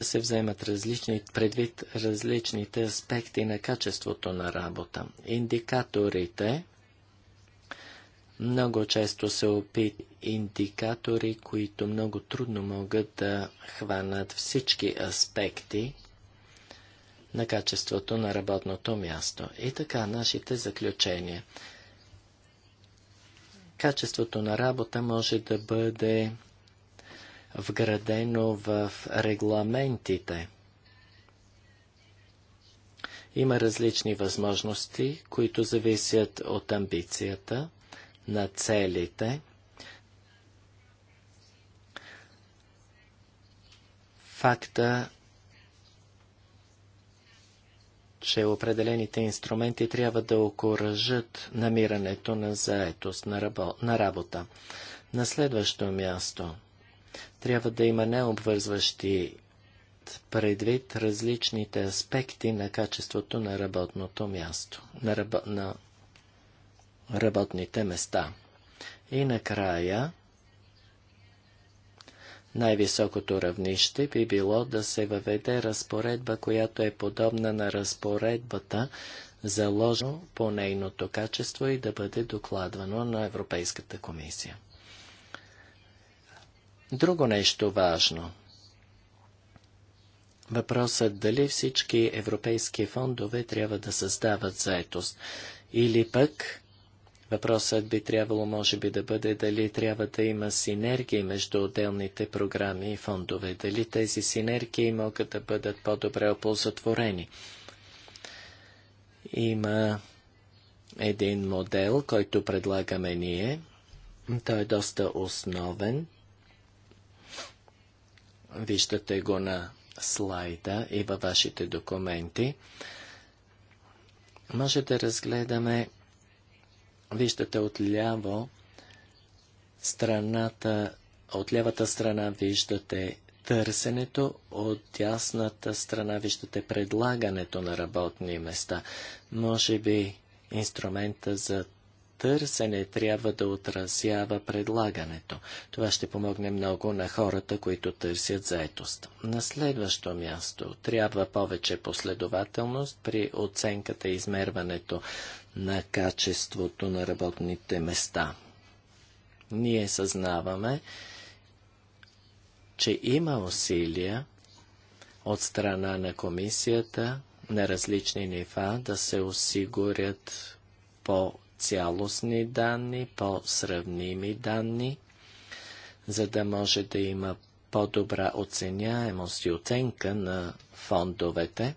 Се вземат различни, предвид различните аспекти на качеството на работа. Индикаторите много често се опит индикатори, които много трудно могат да хванат всички аспекти на качеството на работното място. И така, нашите заключения. Качеството на работа може да бъде вградено в регламентите. Има различни възможности, които зависят от амбицията, на целите, факта че определените инструменти трябва да окоръжат намирането на заетост на, работа. На следващо място трябва да има необвързващи предвид различните аспекти на качеството на работното място, на, рабо, на работните места. И накрая най-високото равнище би било да се въведе разпоредба, която е подобна на разпоредбата, заложено по нейното качество и да бъде докладвано на Европейската комисия. Друго нещо важно. Въпросът дали всички европейски фондове трябва да създават заетост или пък Въпросът би трябвало, може би, да бъде дали трябва да има синергии между отделните програми и фондове, дали тези синергии могат да бъдат по-добре оползотворени. Има един модел, който предлагаме ние. Той е доста основен. Виждате го на слайда и във вашите документи. Може да разгледаме Виждате отляво страната, от лявата страна виждате търсенето, от дясната страна виждате предлагането на работни места. Може би инструмента за търсене трябва да отразява предлагането. Това ще помогне много на хората, които търсят заетост. На следващо място трябва повече последователност при оценката и измерването на качеството на работните места. Ние съзнаваме, че има усилия от страна на комисията на различни нива да се осигурят по-цялостни данни, по-сравними данни, за да може да има по-добра оценяемост и оценка на фондовете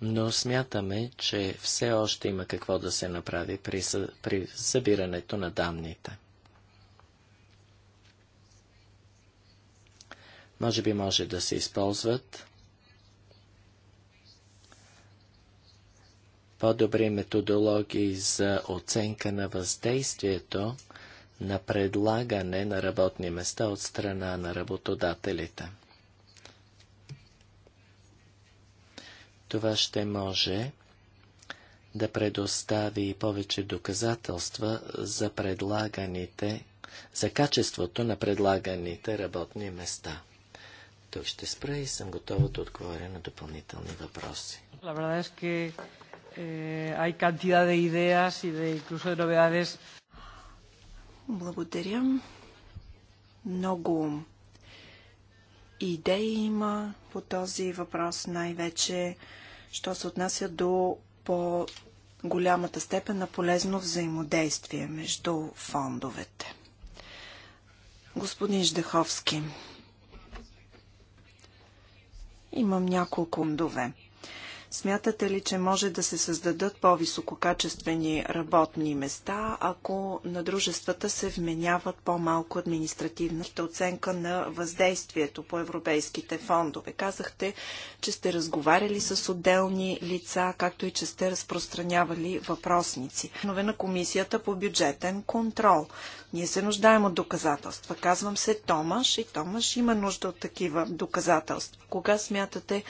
но смятаме, че все още има какво да се направи при, при събирането на данните. Може би може да се използват по-добри методологии за оценка на въздействието на предлагане на работни места от страна на работодателите. Това ще може да предостави повече доказателства за предлаганите, за качеството на предлаганите работни места. Тук ще спра и съм готова да отговоря на допълнителни въпроси. Благодаря. Много идеи има по този въпрос, най-вече що се отнася до по-голямата степен на полезно взаимодействие между фондовете. Господин Ждеховски, имам няколко фондове. Смятате ли, че може да се създадат по-висококачествени работни места, ако на дружествата се вменяват по-малко административната оценка на въздействието по европейските фондове? Казахте, че сте разговаряли с отделни лица, както и че сте разпространявали въпросници. Нове на комисията по бюджетен контрол. Ние се нуждаем от доказателства. Казвам се Томаш и Томаш има нужда от такива доказателства. Кога смятате,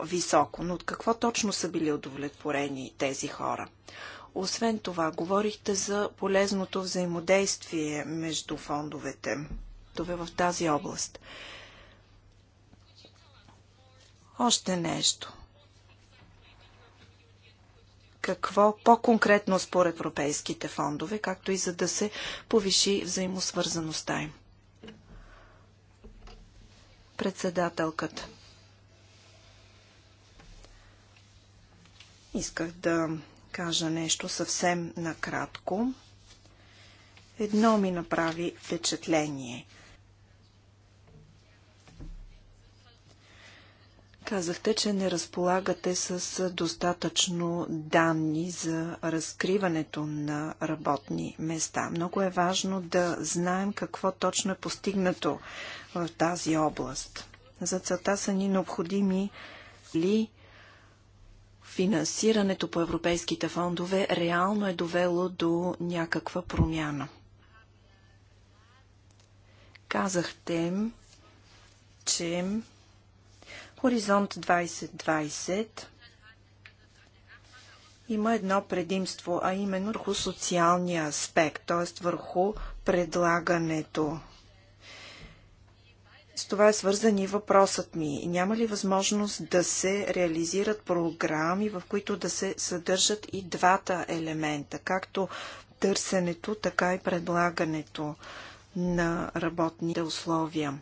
високо Но от какво точно са били удовлетворени тези хора? Освен това, говорихте за полезното взаимодействие между фондовете това е в тази област. Още нещо. Какво по-конкретно според европейските фондове, както и за да се повиши взаимосвързаността им? Председателката. Исках да кажа нещо съвсем накратко. Едно ми направи впечатление. Казахте, че не разполагате с достатъчно данни за разкриването на работни места. Много е важно да знаем какво точно е постигнато в тази област. За целта са ни необходими ли финансирането по европейските фондове реално е довело до някаква промяна. Казахте, че Хоризонт 2020 има едно предимство, а именно върху социалния аспект, т.е. върху предлагането с това е свързан и въпросът ми. Няма ли възможност да се реализират програми, в които да се съдържат и двата елемента, както търсенето, така и предлагането на работните условия?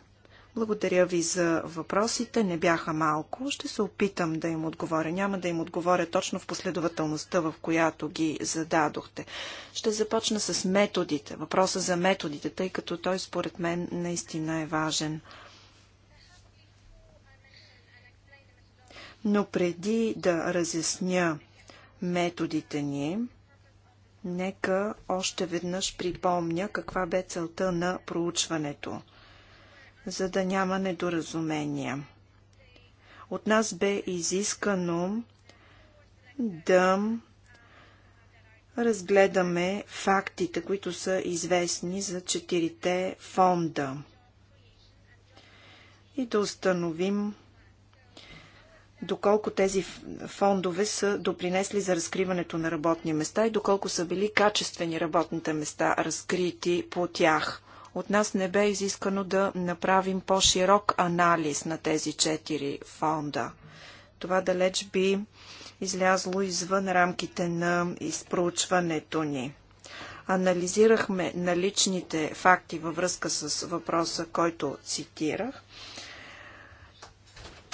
Благодаря ви за въпросите. Не бяха малко. Ще се опитам да им отговоря. Няма да им отговоря точно в последователността, в която ги зададохте. Ще започна с методите. Въпроса за методите, тъй като той според мен наистина е важен. Но преди да разясня методите ни, нека още веднъж припомня каква бе целта на проучването, за да няма недоразумения. От нас бе изискано да разгледаме фактите, които са известни за четирите фонда и да установим доколко тези фондове са допринесли за разкриването на работни места и доколко са били качествени работните места, разкрити по тях. От нас не бе изискано да направим по-широк анализ на тези четири фонда. Това далеч би излязло извън рамките на изпроучването ни. Анализирахме наличните факти във връзка с въпроса, който цитирах –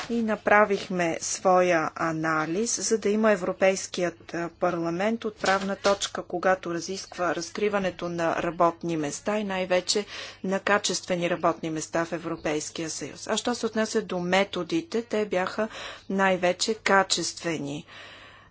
и направихме своя анализ, за да има Европейският парламент от правна точка, когато разисква разкриването на работни места и най-вече на качествени работни места в Европейския съюз. А що се отнася до методите, те бяха най-вече качествени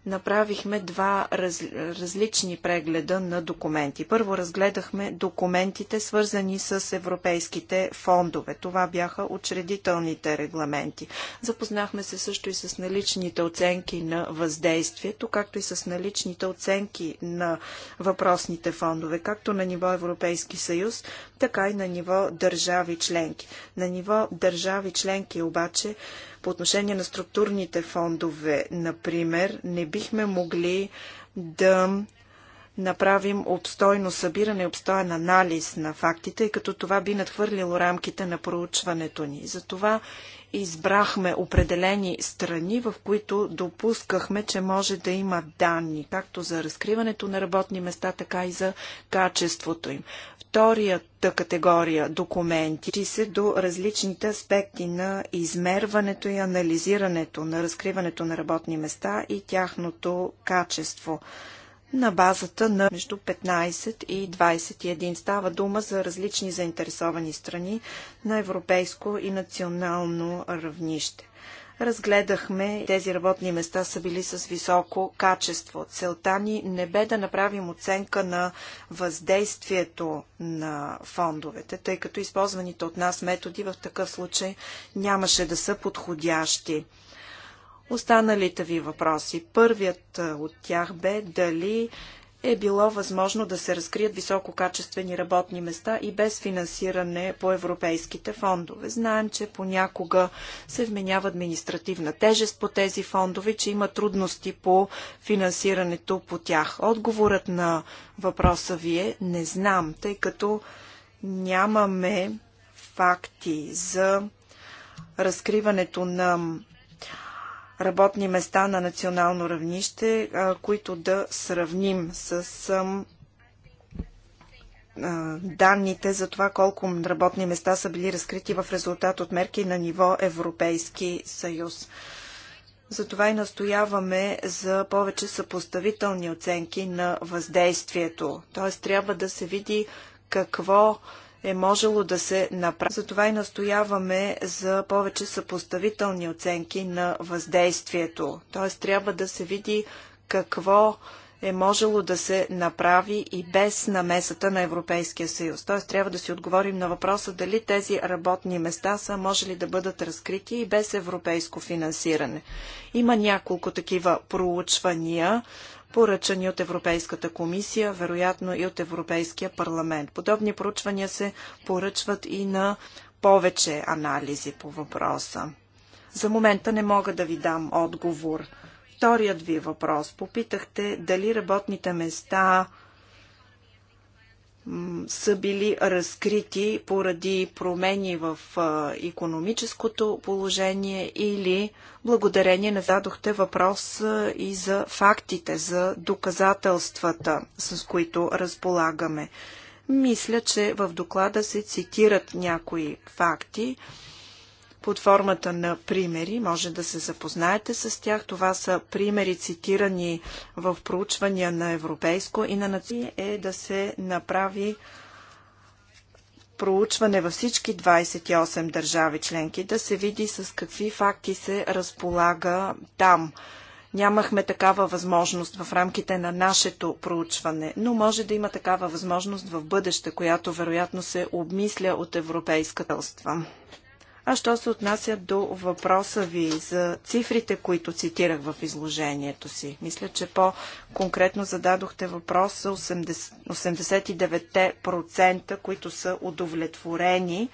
направихме два раз, различни прегледа на документи. Първо разгледахме документите, свързани с европейските фондове. Това бяха учредителните регламенти. Запознахме се също и с наличните оценки на въздействието, както и с наличните оценки на въпросните фондове, както на ниво Европейски съюз, така и на ниво държави членки. На ниво държави членки обаче по отношение на структурните фондове, например, не бихме могли да направим обстойно събиране, обстоен анализ на фактите, като това би надхвърлило рамките на проучването ни. Затова избрахме определени страни, в които допускахме, че може да има данни, както за разкриването на работни места, така и за качеството им. Вторията категория документи ти се до различните аспекти на измерването и анализирането на разкриването на работни места и тяхното качество на базата на между 15 и 21. Става дума за различни заинтересовани страни на европейско и национално равнище. Разгледахме тези работни места са били с високо качество. Целта ни не бе да направим оценка на въздействието на фондовете, тъй като използваните от нас методи в такъв случай нямаше да са подходящи останалите ви въпроси. Първият от тях бе дали е било възможно да се разкрият висококачествени работни места и без финансиране по европейските фондове. Знаем, че понякога се вменява административна тежест по тези фондове, че има трудности по финансирането по тях. Отговорът на въпроса ви е не знам, тъй като нямаме факти за разкриването на работни места на национално равнище, които да сравним с данните за това колко работни места са били разкрити в резултат от мерки на ниво Европейски съюз. Затова и настояваме за повече съпоставителни оценки на въздействието. Т.е. трябва да се види какво е можело да се направи. Затова и настояваме за повече съпоставителни оценки на въздействието. Т.е. трябва да се види какво е можело да се направи и без намесата на Европейския съюз. Т.е. трябва да си отговорим на въпроса дали тези работни места са можели да бъдат разкрити и без европейско финансиране. Има няколко такива проучвания поръчани от Европейската комисия, вероятно и от Европейския парламент. Подобни проучвания се поръчват и на повече анализи по въпроса. За момента не мога да ви дам отговор. Вторият ви въпрос. Попитахте дали работните места са били разкрити поради промени в економическото положение или благодарение на задохте въпрос и за фактите, за доказателствата, с които разполагаме. Мисля, че в доклада се цитират някои факти, под формата на примери. Може да се запознаете с тях. Това са примери, цитирани в проучвания на европейско и на наци е да се направи проучване във всички 28 държави членки, да се види с какви факти се разполага там. Нямахме такава възможност в рамките на нашето проучване, но може да има такава възможност в бъдеще, която вероятно се обмисля от европейската а що се отнася до въпроса ви за цифрите, които цитирах в изложението си? Мисля, че по-конкретно зададохте въпроса, 89%, които са удовлетворени.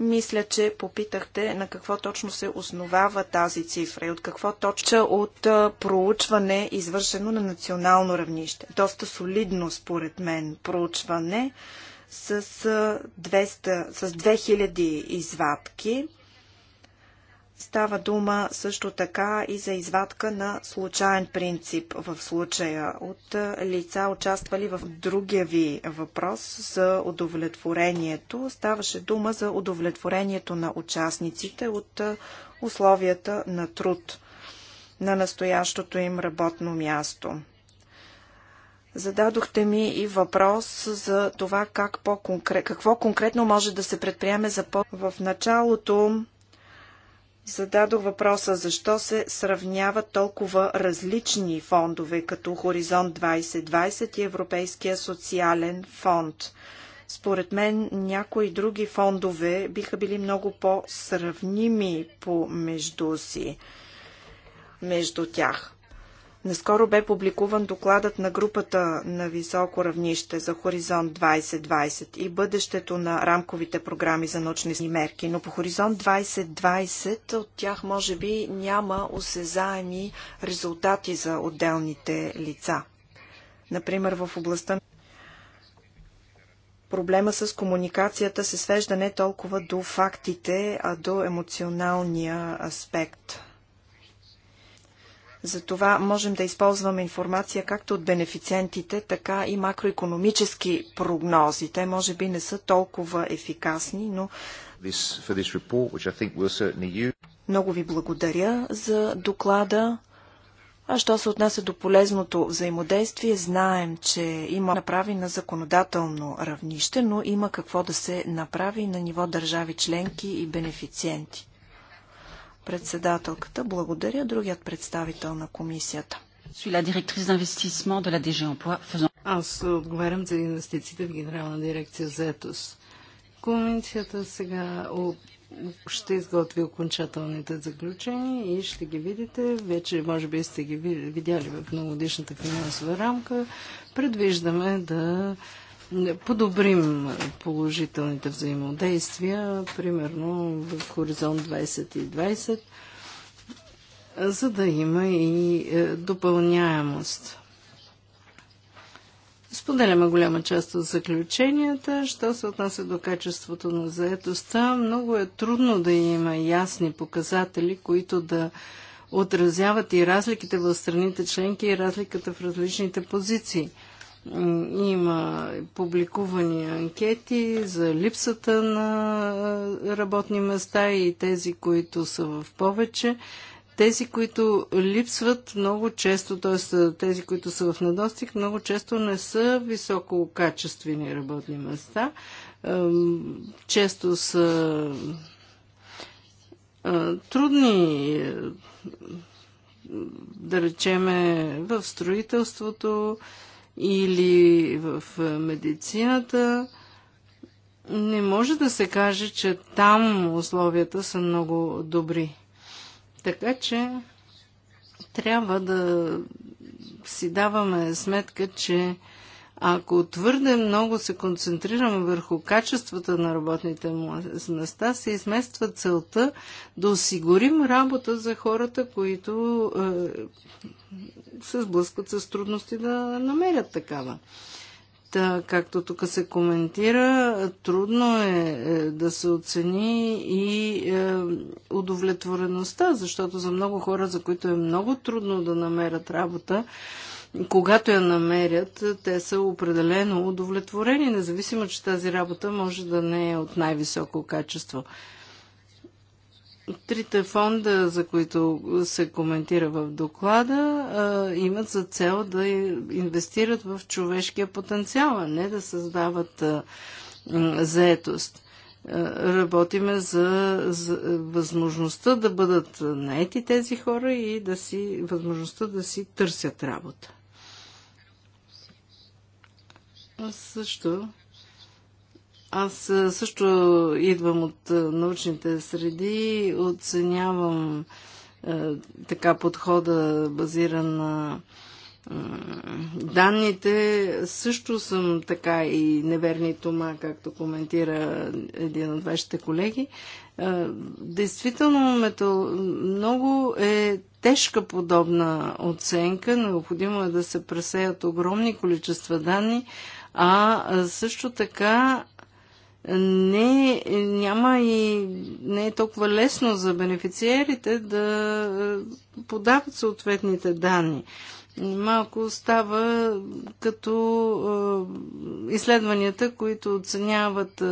Мисля, че попитахте на какво точно се основава тази цифра и от какво точно от проучване, извършено на национално равнище. Доста солидно, според мен, проучване с, 200, с 2000 извадки. Става дума също така и за извадка на случайен принцип в случая от лица, участвали в другия ви въпрос за удовлетворението. Ставаше дума за удовлетворението на участниците от условията на труд на настоящото им работно място. Зададохте ми и въпрос за това как по -конкрет, какво конкретно може да се предприеме за по... В началото зададох въпроса защо се сравняват толкова различни фондове, като Хоризонт 2020 и Европейския социален фонд. Според мен някои други фондове биха били много по-сравними помежду си, между тях. Наскоро бе публикуван докладът на групата на високо равнище за Хоризонт 2020 и бъдещето на рамковите програми за научни мерки, но по Хоризонт 2020 от тях може би няма осезаеми резултати за отделните лица. Например, в областта проблема с комуникацията се свежда не толкова до фактите, а до емоционалния аспект. Затова можем да използваме информация както от бенефициентите, така и макроекономически прогнози. Те може би не са толкова ефикасни, но много ви благодаря за доклада. А що се отнася до полезното взаимодействие, знаем, че има направи на законодателно равнище, но има какво да се направи на ниво държави членки и бенефициенти. Председателката благодаря. Другият представител на комисията. Аз отговарям за инвестициите в Генерална дирекция етос. Комисията сега ще изготви окончателните заключения и ще ги видите. Вече, може би, сте ги видяли в многодишната финансова рамка. Предвиждаме да подобрим положителните взаимодействия, примерно в Хоризонт 2020, за да има и е, допълняемост. Споделяме голяма част от заключенията. Що се отнася до качеството на заетостта, много е трудно да има ясни показатели, които да отразяват и разликите в страните членки и разликата в различните позиции – има публикувани анкети за липсата на работни места и тези, които са в повече. Тези, които липсват много често, т.е. тези, които са в недостиг, много често не са висококачествени работни места. Често са трудни, да речеме, в строителството, или в е, медицината, не може да се каже, че там условията са много добри. Така че трябва да си даваме сметка, че ако твърде много се концентрираме върху качествата на работните места, се измества целта да осигурим работа за хората, които е, се сблъскват с трудности да намерят такава. Та, както тук се коментира, трудно е, е да се оцени и е, удовлетвореността, защото за много хора, за които е много трудно да намерят работа, е, когато я намерят, те са определено удовлетворени, независимо, че тази работа може да не е от най-високо качество. Трите фонда, за които се коментира в доклада, имат за цел да инвестират в човешкия потенциал, а не да създават заетост. Работиме за, за възможността да бъдат наети тези хора и да си, възможността да си търсят работа. Аз също. Аз също идвам от научните среди, оценявам е, така подхода базиран на е, данните. Също съм така и неверни тома, както коментира един от вашите колеги. Е, действително, много е тежка подобна оценка. Необходимо е да се пресеят огромни количества данни а също така не, няма и не е толкова лесно за бенефициерите да подават съответните данни. Малко става като изследванията, които оценяват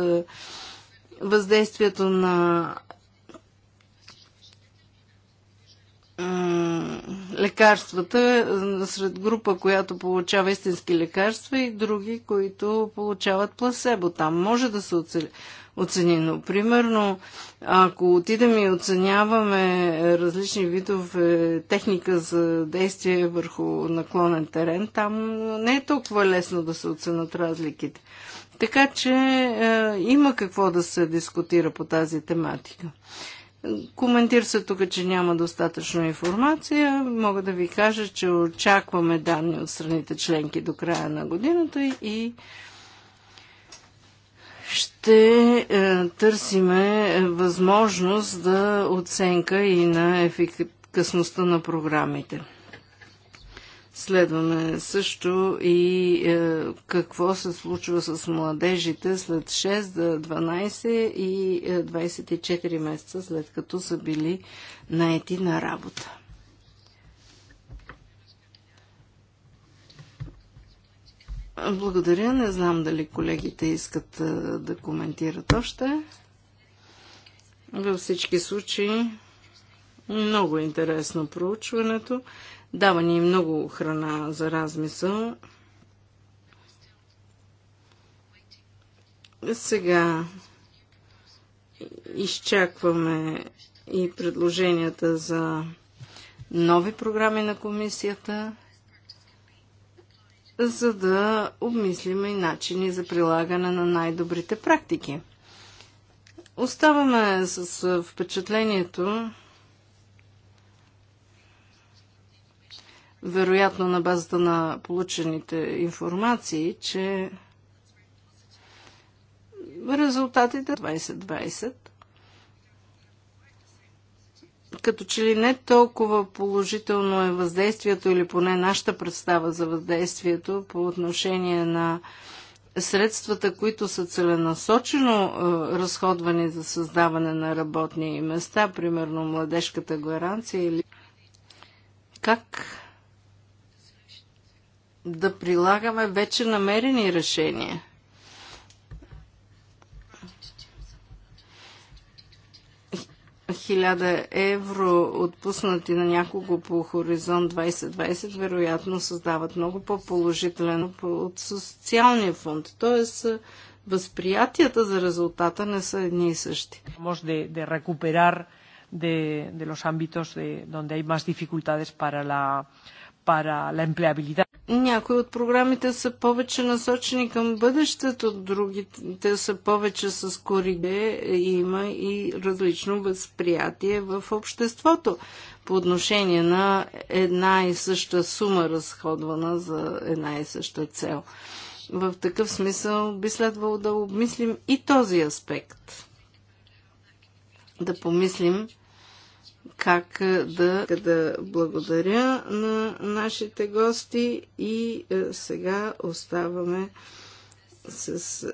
въздействието на лекарствата сред група, която получава истински лекарства и други, които получават пласебо. Там може да се оцени. Но, примерно, ако отидем и оценяваме различни видове техника за действие върху наклонен терен, там не е толкова лесно да се оценят разликите. Така че е, има какво да се дискутира по тази тематика. Коментира се тук, че няма достатъчно информация. Мога да ви кажа, че очакваме данни от страните членки до края на годината и ще е, търсиме възможност да оценка и на ефикасността на програмите. Следваме също и е, какво се случва с младежите след 6 до 12 и 24 е, месеца след като са били наети на работа. Благодаря. Не знам дали колегите искат е, да коментират още. Във всички случаи много интересно проучването. Дава ни много храна за размисъл. Сега изчакваме и предложенията за нови програми на комисията, за да обмислим и начини за прилагане на най-добрите практики. Оставаме с впечатлението, вероятно на базата на получените информации, че резултатите 2020 като че ли не толкова положително е въздействието или поне нашата представа за въздействието по отношение на средствата, които са целенасочено е, разходвани за създаване на работни места, примерно младежката гаранция или как да прилагаме вече намерени решения. Хиляда евро отпуснати на някого по хоризонт 2020 вероятно създават много по-положителен от социалния фонд. Тоест, възприятията за резултата не са едни и същи. Може да, да рекуперар de, de los ámbitos de, donde hay más dificultades para la, para la empleabilidad. Някои от програмите са повече насочени към бъдещето, другите са повече с кориде. и Има и различно възприятие в обществото по отношение на една и съща сума, разходвана за една и съща цел. В такъв смисъл би следвало да обмислим и този аспект. Да помислим как е, да, да благодаря на нашите гости и е, сега оставаме с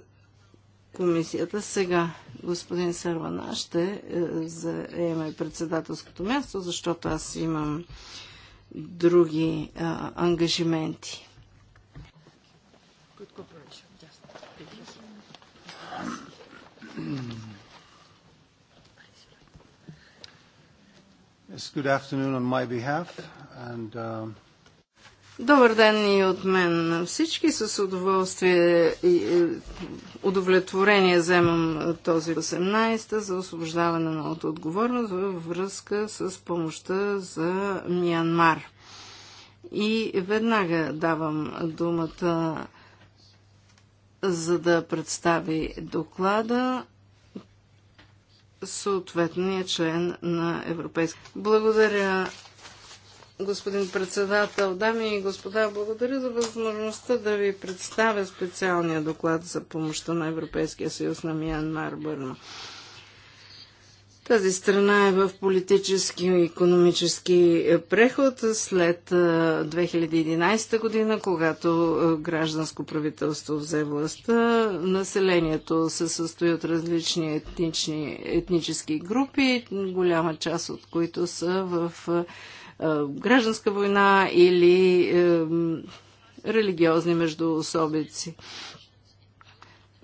комисията. Сега господин Сървана, ще е, заеме председателското място, защото аз имам други а, ангажименти. Good And... Um, Добър ден и от мен на всички. С удоволствие и удовлетворение вземам този 18 за освобождаване от отговорност във връзка с помощта за Миянмар. И веднага давам думата за да представи доклада съответния член на Европейския. Благодаря, господин председател. Дами и господа, благодаря за възможността да ви представя специалния доклад за помощта на Европейския съюз на Миянмар Бърма. Тази страна е в политически и економически преход след 2011 година, когато гражданско правителство взе властта. Населението се състои от различни етнични, етнически групи, голяма част от които са в гражданска война или религиозни междуособици.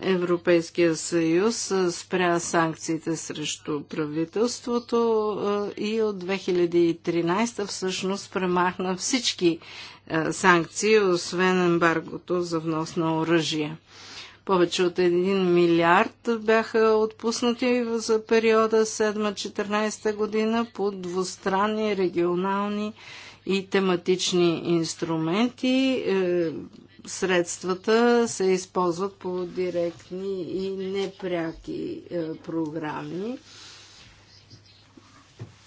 Европейския съюз спря санкциите срещу правителството и от 2013 всъщност премахна всички санкции, освен ембаргото за внос на оръжие. Повече от 1 милиард бяха отпуснати за периода 7-14 година по двустранни, регионални и тематични инструменти е, средствата се използват по директни и непряки е, програми.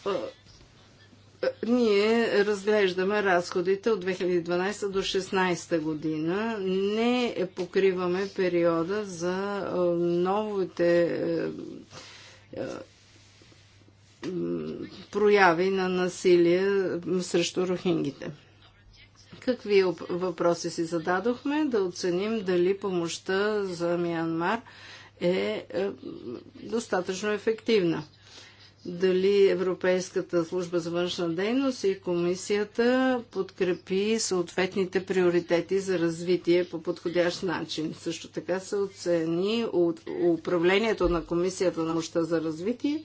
Е, е, ние разглеждаме разходите от 2012 до 2016 година. Не покриваме периода за новите прояви на насилие срещу рохингите. Какви въпроси си зададохме? Да оценим дали помощта за Миянмар е, е достатъчно ефективна дали Европейската служба за външна дейност и комисията подкрепи съответните приоритети за развитие по подходящ начин. Също така се оцени управлението на комисията на мощта за развитие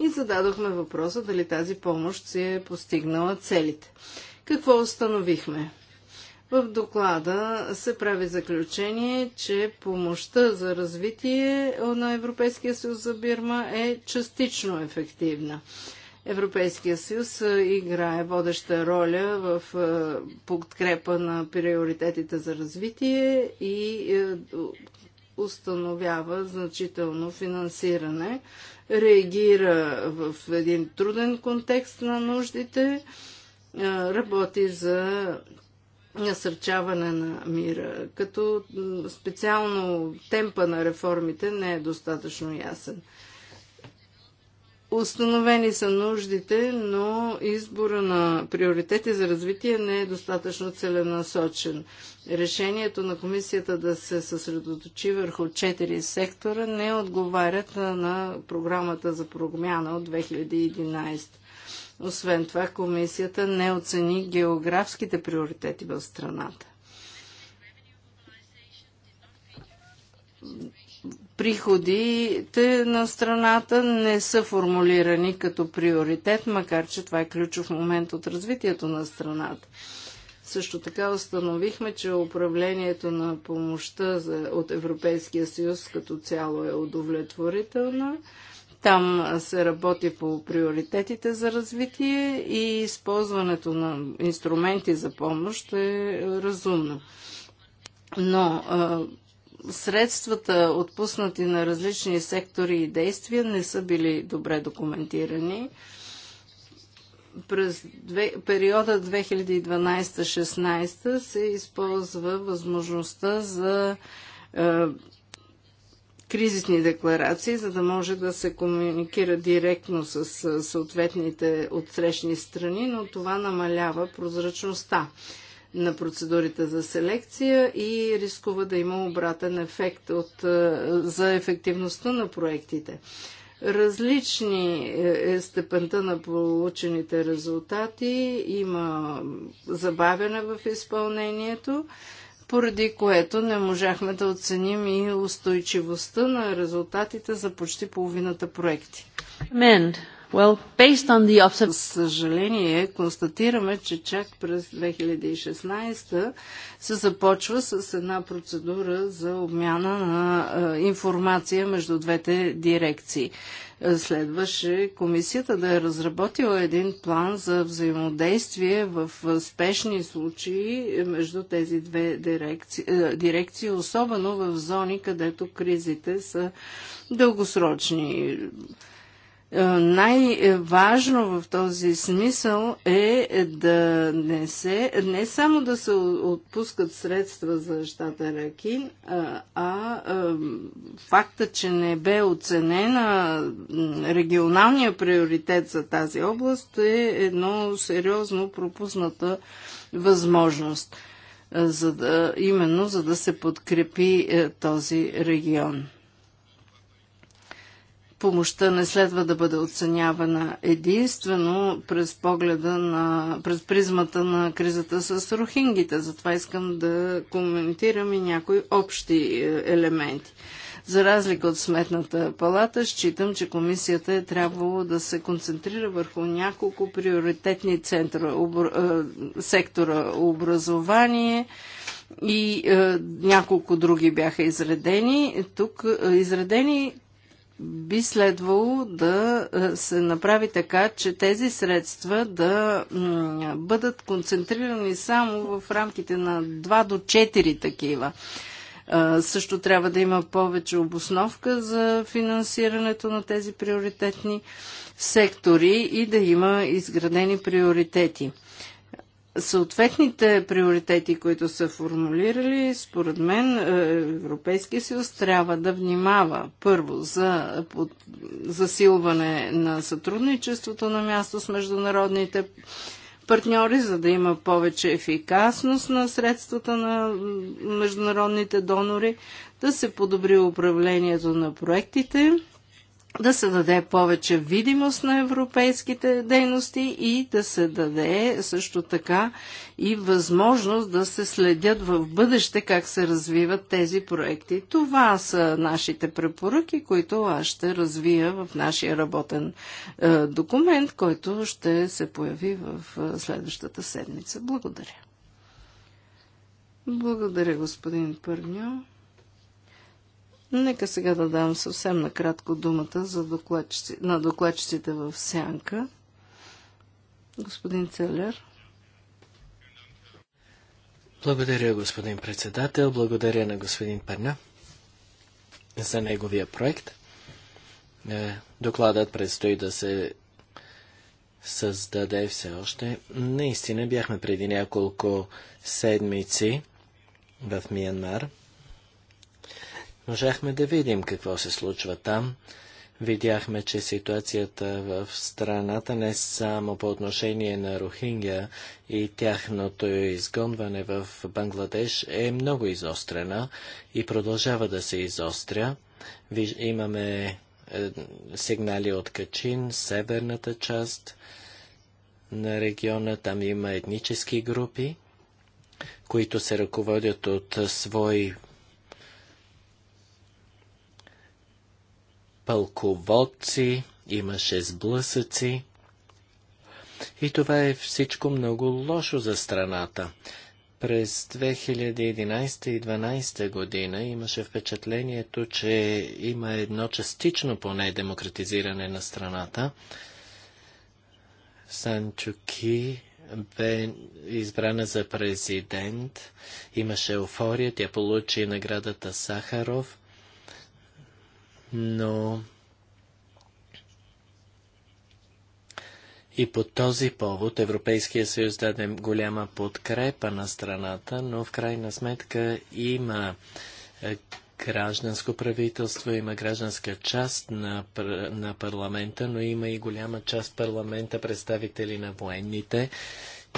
и зададохме въпроса дали тази помощ се е постигнала целите. Какво установихме? В доклада се прави заключение, че помощта за развитие на Европейския съюз за Бирма е частично ефективна. Европейския съюз играе водеща роля в подкрепа на приоритетите за развитие и установява значително финансиране, реагира в един труден контекст на нуждите работи за насърчаване на мира, като специално темпа на реформите не е достатъчно ясен. Установени са нуждите, но избора на приоритети за развитие не е достатъчно целенасочен. Решението на комисията да се съсредоточи върху четири сектора не отговарят на, програмата за промяна от 2011. Освен това, комисията не оцени географските приоритети в страната. Приходите на страната не са формулирани като приоритет, макар че това е ключов момент от развитието на страната. Също така установихме, че управлението на помощта от Европейския съюз като цяло е удовлетворително. Там се работи по приоритетите за развитие и използването на инструменти за помощ е разумно. Но средствата, отпуснати на различни сектори и действия, не са били добре документирани. През периода 2012-16 се използва възможността за кризисни декларации, за да може да се комуникира директно с съответните отсрещни страни, но това намалява прозрачността на процедурите за селекция и рискува да има обратен ефект от, е, за ефективността на проектите. Различни е степента на получените резултати, има забавяне в изпълнението поради което не можахме да оценим и устойчивостта на резултатите за почти половината проекти. Well, based on the Съжаление, констатираме, че чак през 2016 се започва с една процедура за обмяна на а, информация между двете дирекции. Е, следваше комисията да е разработила един план за взаимодействие в спешни случаи между тези две дирекции, е, дирекции особено в зони, където кризите са дългосрочни е, най-важно в този смисъл е да не се, не само да се отпускат средства за щата Ракин, а, а е, факта, че не бе оценена регионалния приоритет за тази област е едно сериозно пропусната възможност, е, за да, именно за да се подкрепи този регион помощта не следва да бъде оценявана единствено през погледа на, през призмата на кризата с рохингите. Затова искам да коментирам и някои общи е, елементи. За разлика от Сметната палата, считам, че комисията е трябвало да се концентрира върху няколко приоритетни центра, обр... Е, сектора образование, и е, няколко други бяха изредени. Тук е, изредени би следвало да е, се направи така, че тези средства да бъдат концентрирани само в рамките на 2 до 4 такива. Е, също трябва да има повече обосновка за финансирането на тези приоритетни сектори и да има изградени приоритети съответните приоритети, които са формулирали, според мен е, Европейския съюз трябва да внимава първо за засилване на сътрудничеството на място с международните партньори, за да има повече ефикасност на средствата на международните донори, да се подобри управлението на проектите да се даде повече видимост на европейските дейности и да се даде също така и възможност да се следят в бъдеще как се развиват тези проекти. Това са нашите препоръки, които аз ще развия в нашия работен е, документ, който ще се появи в е, следващата седмица. Благодаря. Благодаря, господин Пърньо. Нека сега да дам съвсем накратко думата за докладчици, на докладчиците в Сянка. Господин Целер. Благодаря, господин председател. Благодаря на господин Перна за неговия проект. Е, докладът предстои да се създаде все още. Наистина бяхме преди няколко седмици в Миянмар – Можахме да видим какво се случва там. Видяхме, че ситуацията в страната не само по отношение на Рохингя и тяхното изгонване в Бангладеш е много изострена и продължава да се изостря. имаме е, сигнали от Качин, северната част на региона. Там има етнически групи, които се ръководят от свои пълководци, имаше сблъсъци. И това е всичко много лошо за страната. През 2011 и 2012 година имаше впечатлението, че има едно частично поне демократизиране на страната. Санчуки бе избрана за президент. Имаше еуфория. Тя получи наградата Сахаров но и по този повод Европейския съюз даде голяма подкрепа на страната, но в крайна сметка има е, гражданско правителство, има гражданска част на, на парламента, но има и голяма част парламента представители на военните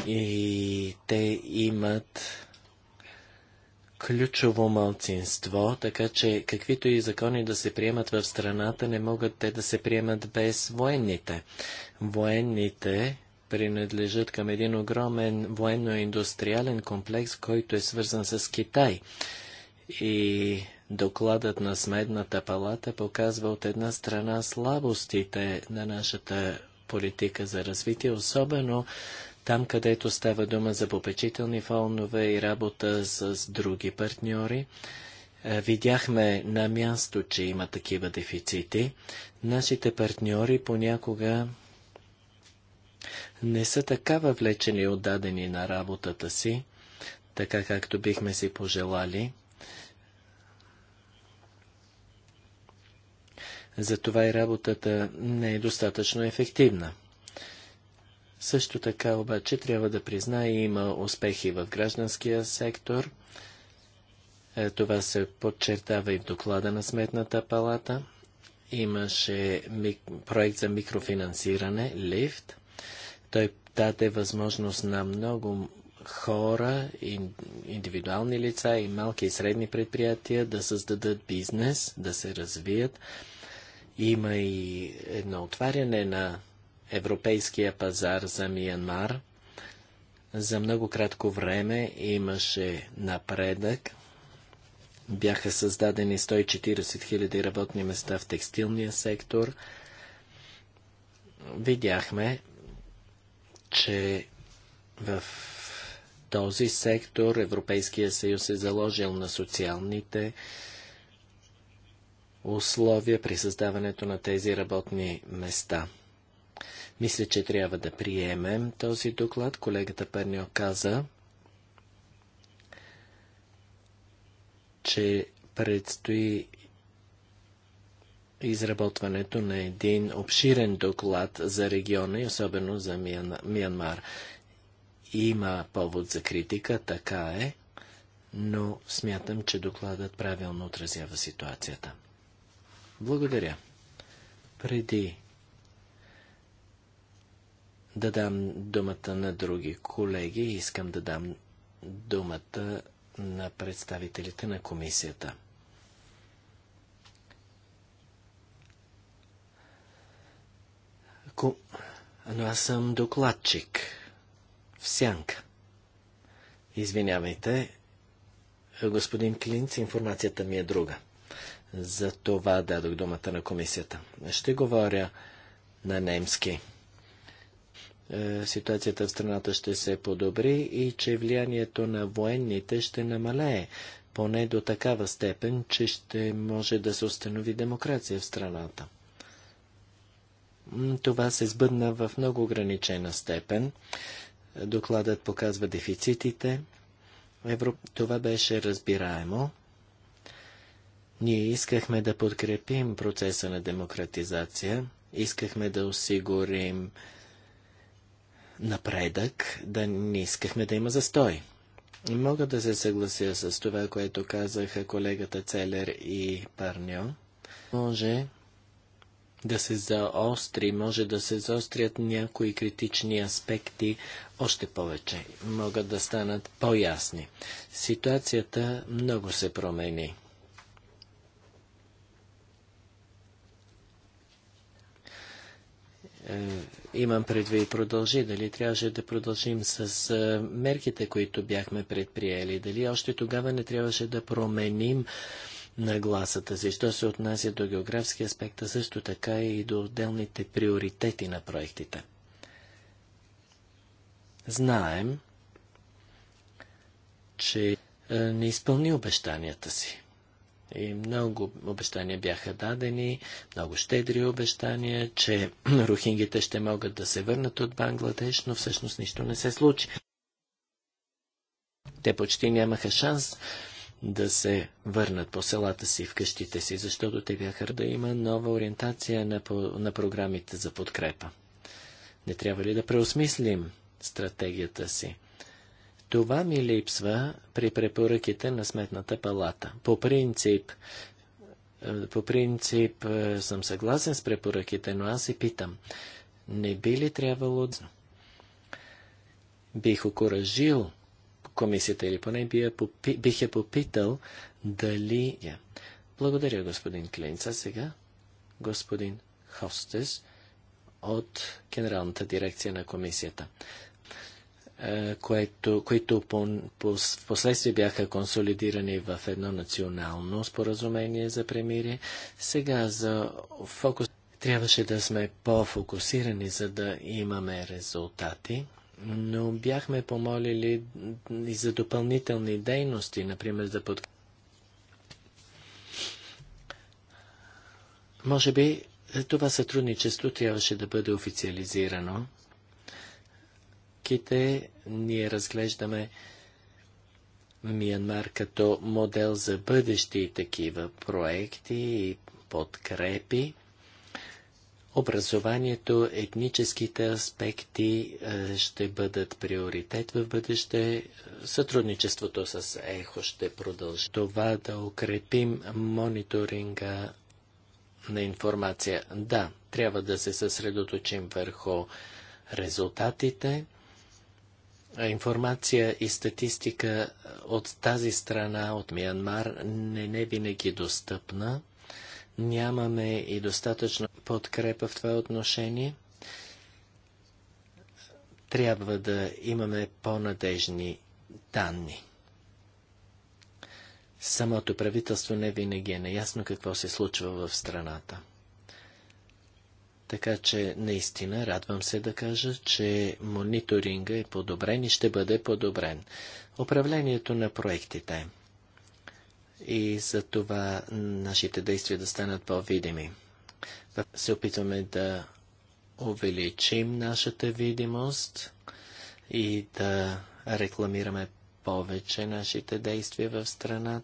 и те имат ключово малцинство, така че каквито и закони да се приемат в страната, не могат те да се приемат без военните. Военните принадлежат към един огромен военно-индустриален комплекс, който е свързан с Китай. И докладът на Смедната палата показва от една страна слабостите на нашата политика за развитие, особено там където става дума за попечителни фонове и работа с, други партньори. Е, видяхме на място, че има такива дефицити. Нашите партньори понякога не са така въвлечени и отдадени на работата си, така както бихме си пожелали. Затова и работата не е достатъчно ефективна. Също така обаче трябва да призная, има успехи в гражданския сектор. Е, това се подчертава и в доклада на Сметната палата. Имаше мик... проект за микрофинансиране, лифт. Той даде възможност на много хора, индивидуални лица и малки и средни предприятия да създадат бизнес, да се развият. Има и едно отваряне на европейския пазар за Миянмар. За много кратко време имаше напредък. Бяха създадени 140 000 работни места в текстилния сектор. Видяхме, че в този сектор Европейския съюз е заложил на социалните условия при създаването на тези работни места. Мисля, че трябва да приемем този доклад. Колегата Пернио каза, че предстои изработването на един обширен доклад за региона и особено за Миянмар. Има повод за критика, така е, но смятам, че докладът правилно отразява ситуацията. Благодаря. Преди да дам думата на други колеги и искам да дам думата на представителите на комисията. Ко... Но аз съм докладчик. В сянка. Извинявайте, господин Клинц, информацията ми е друга. За това дадох думата на комисията. Ще говоря на немски. Е, ситуацията в страната ще се подобри и че влиянието на военните ще намалее, поне до такава степен, че ще може да се установи демокрация в страната. Това се сбъдна в много ограничена степен. Докладът показва дефицитите. Европ... Това беше разбираемо. Ние искахме да подкрепим процеса на демократизация, искахме да осигурим напредък, да не искахме да има застой. Мога да се съглася с това, което казаха колегата Целер и Парньо. Може да се заостри, може да се заострят някои критични аспекти още повече, могат да станат по-ясни. Ситуацията много се промени. Е, Имам предвид продължи, дали трябваше да продължим с мерките, които бяхме предприели, дали още тогава не трябваше да променим нагласата си. Що се отнася до географски аспекта, също така и до отделните приоритети на проектите. Знаем, че не изпълни обещанията си. И много обещания бяха дадени, много щедри обещания, че (clears throat) рухингите ще могат да се върнат от Бангладеш, но всъщност нищо не се случи. Те почти нямаха шанс да се върнат по селата си, в къщите си, защото те бяха да има нова ориентация на, по, на програмите за подкрепа. Не трябва ли да преосмислим стратегията си? Това ми липсва при препоръките на Сметната палата. По принцип, е, по принцип е, съм съгласен с препоръките, но аз и питам, не би ли трябвало... Бих окоръжил комисията или поне би я попи... бих я попитал дали... я. Благодаря, господин Клинца. Сега господин Хостес от Генералната дирекция на комисията. Е, което, които по, в последствие бяха консолидирани в едно национално споразумение за премирие. Сега за фокус трябваше да сме по-фокусирани, за да имаме резултати, но бяхме помолили и за допълнителни дейности, например за под... Може би е, това сътрудничество трябваше да бъде официализирано мерките ние разглеждаме Миянмар като модел за бъдещи такива проекти и подкрепи. Образованието, етническите аспекти е, ще бъдат приоритет в бъдеще. Сътрудничеството с ЕХО ще продължи. Това да укрепим мониторинга на информация. Да, трябва да се съсредоточим върху резултатите информация и статистика от тази страна, от Миянмар, не, не винаги е достъпна. Нямаме и достатъчно подкрепа в това отношение. Трябва да имаме по-надежни данни. Самото правителство не винаги е наясно какво се случва в страната. Така че наистина радвам се да кажа, че мониторинга е подобрен и ще бъде подобрен. Управлението на проектите и за това нашите действия да станат по-видими. Се опитваме да увеличим нашата видимост и да рекламираме повече нашите действия в страната.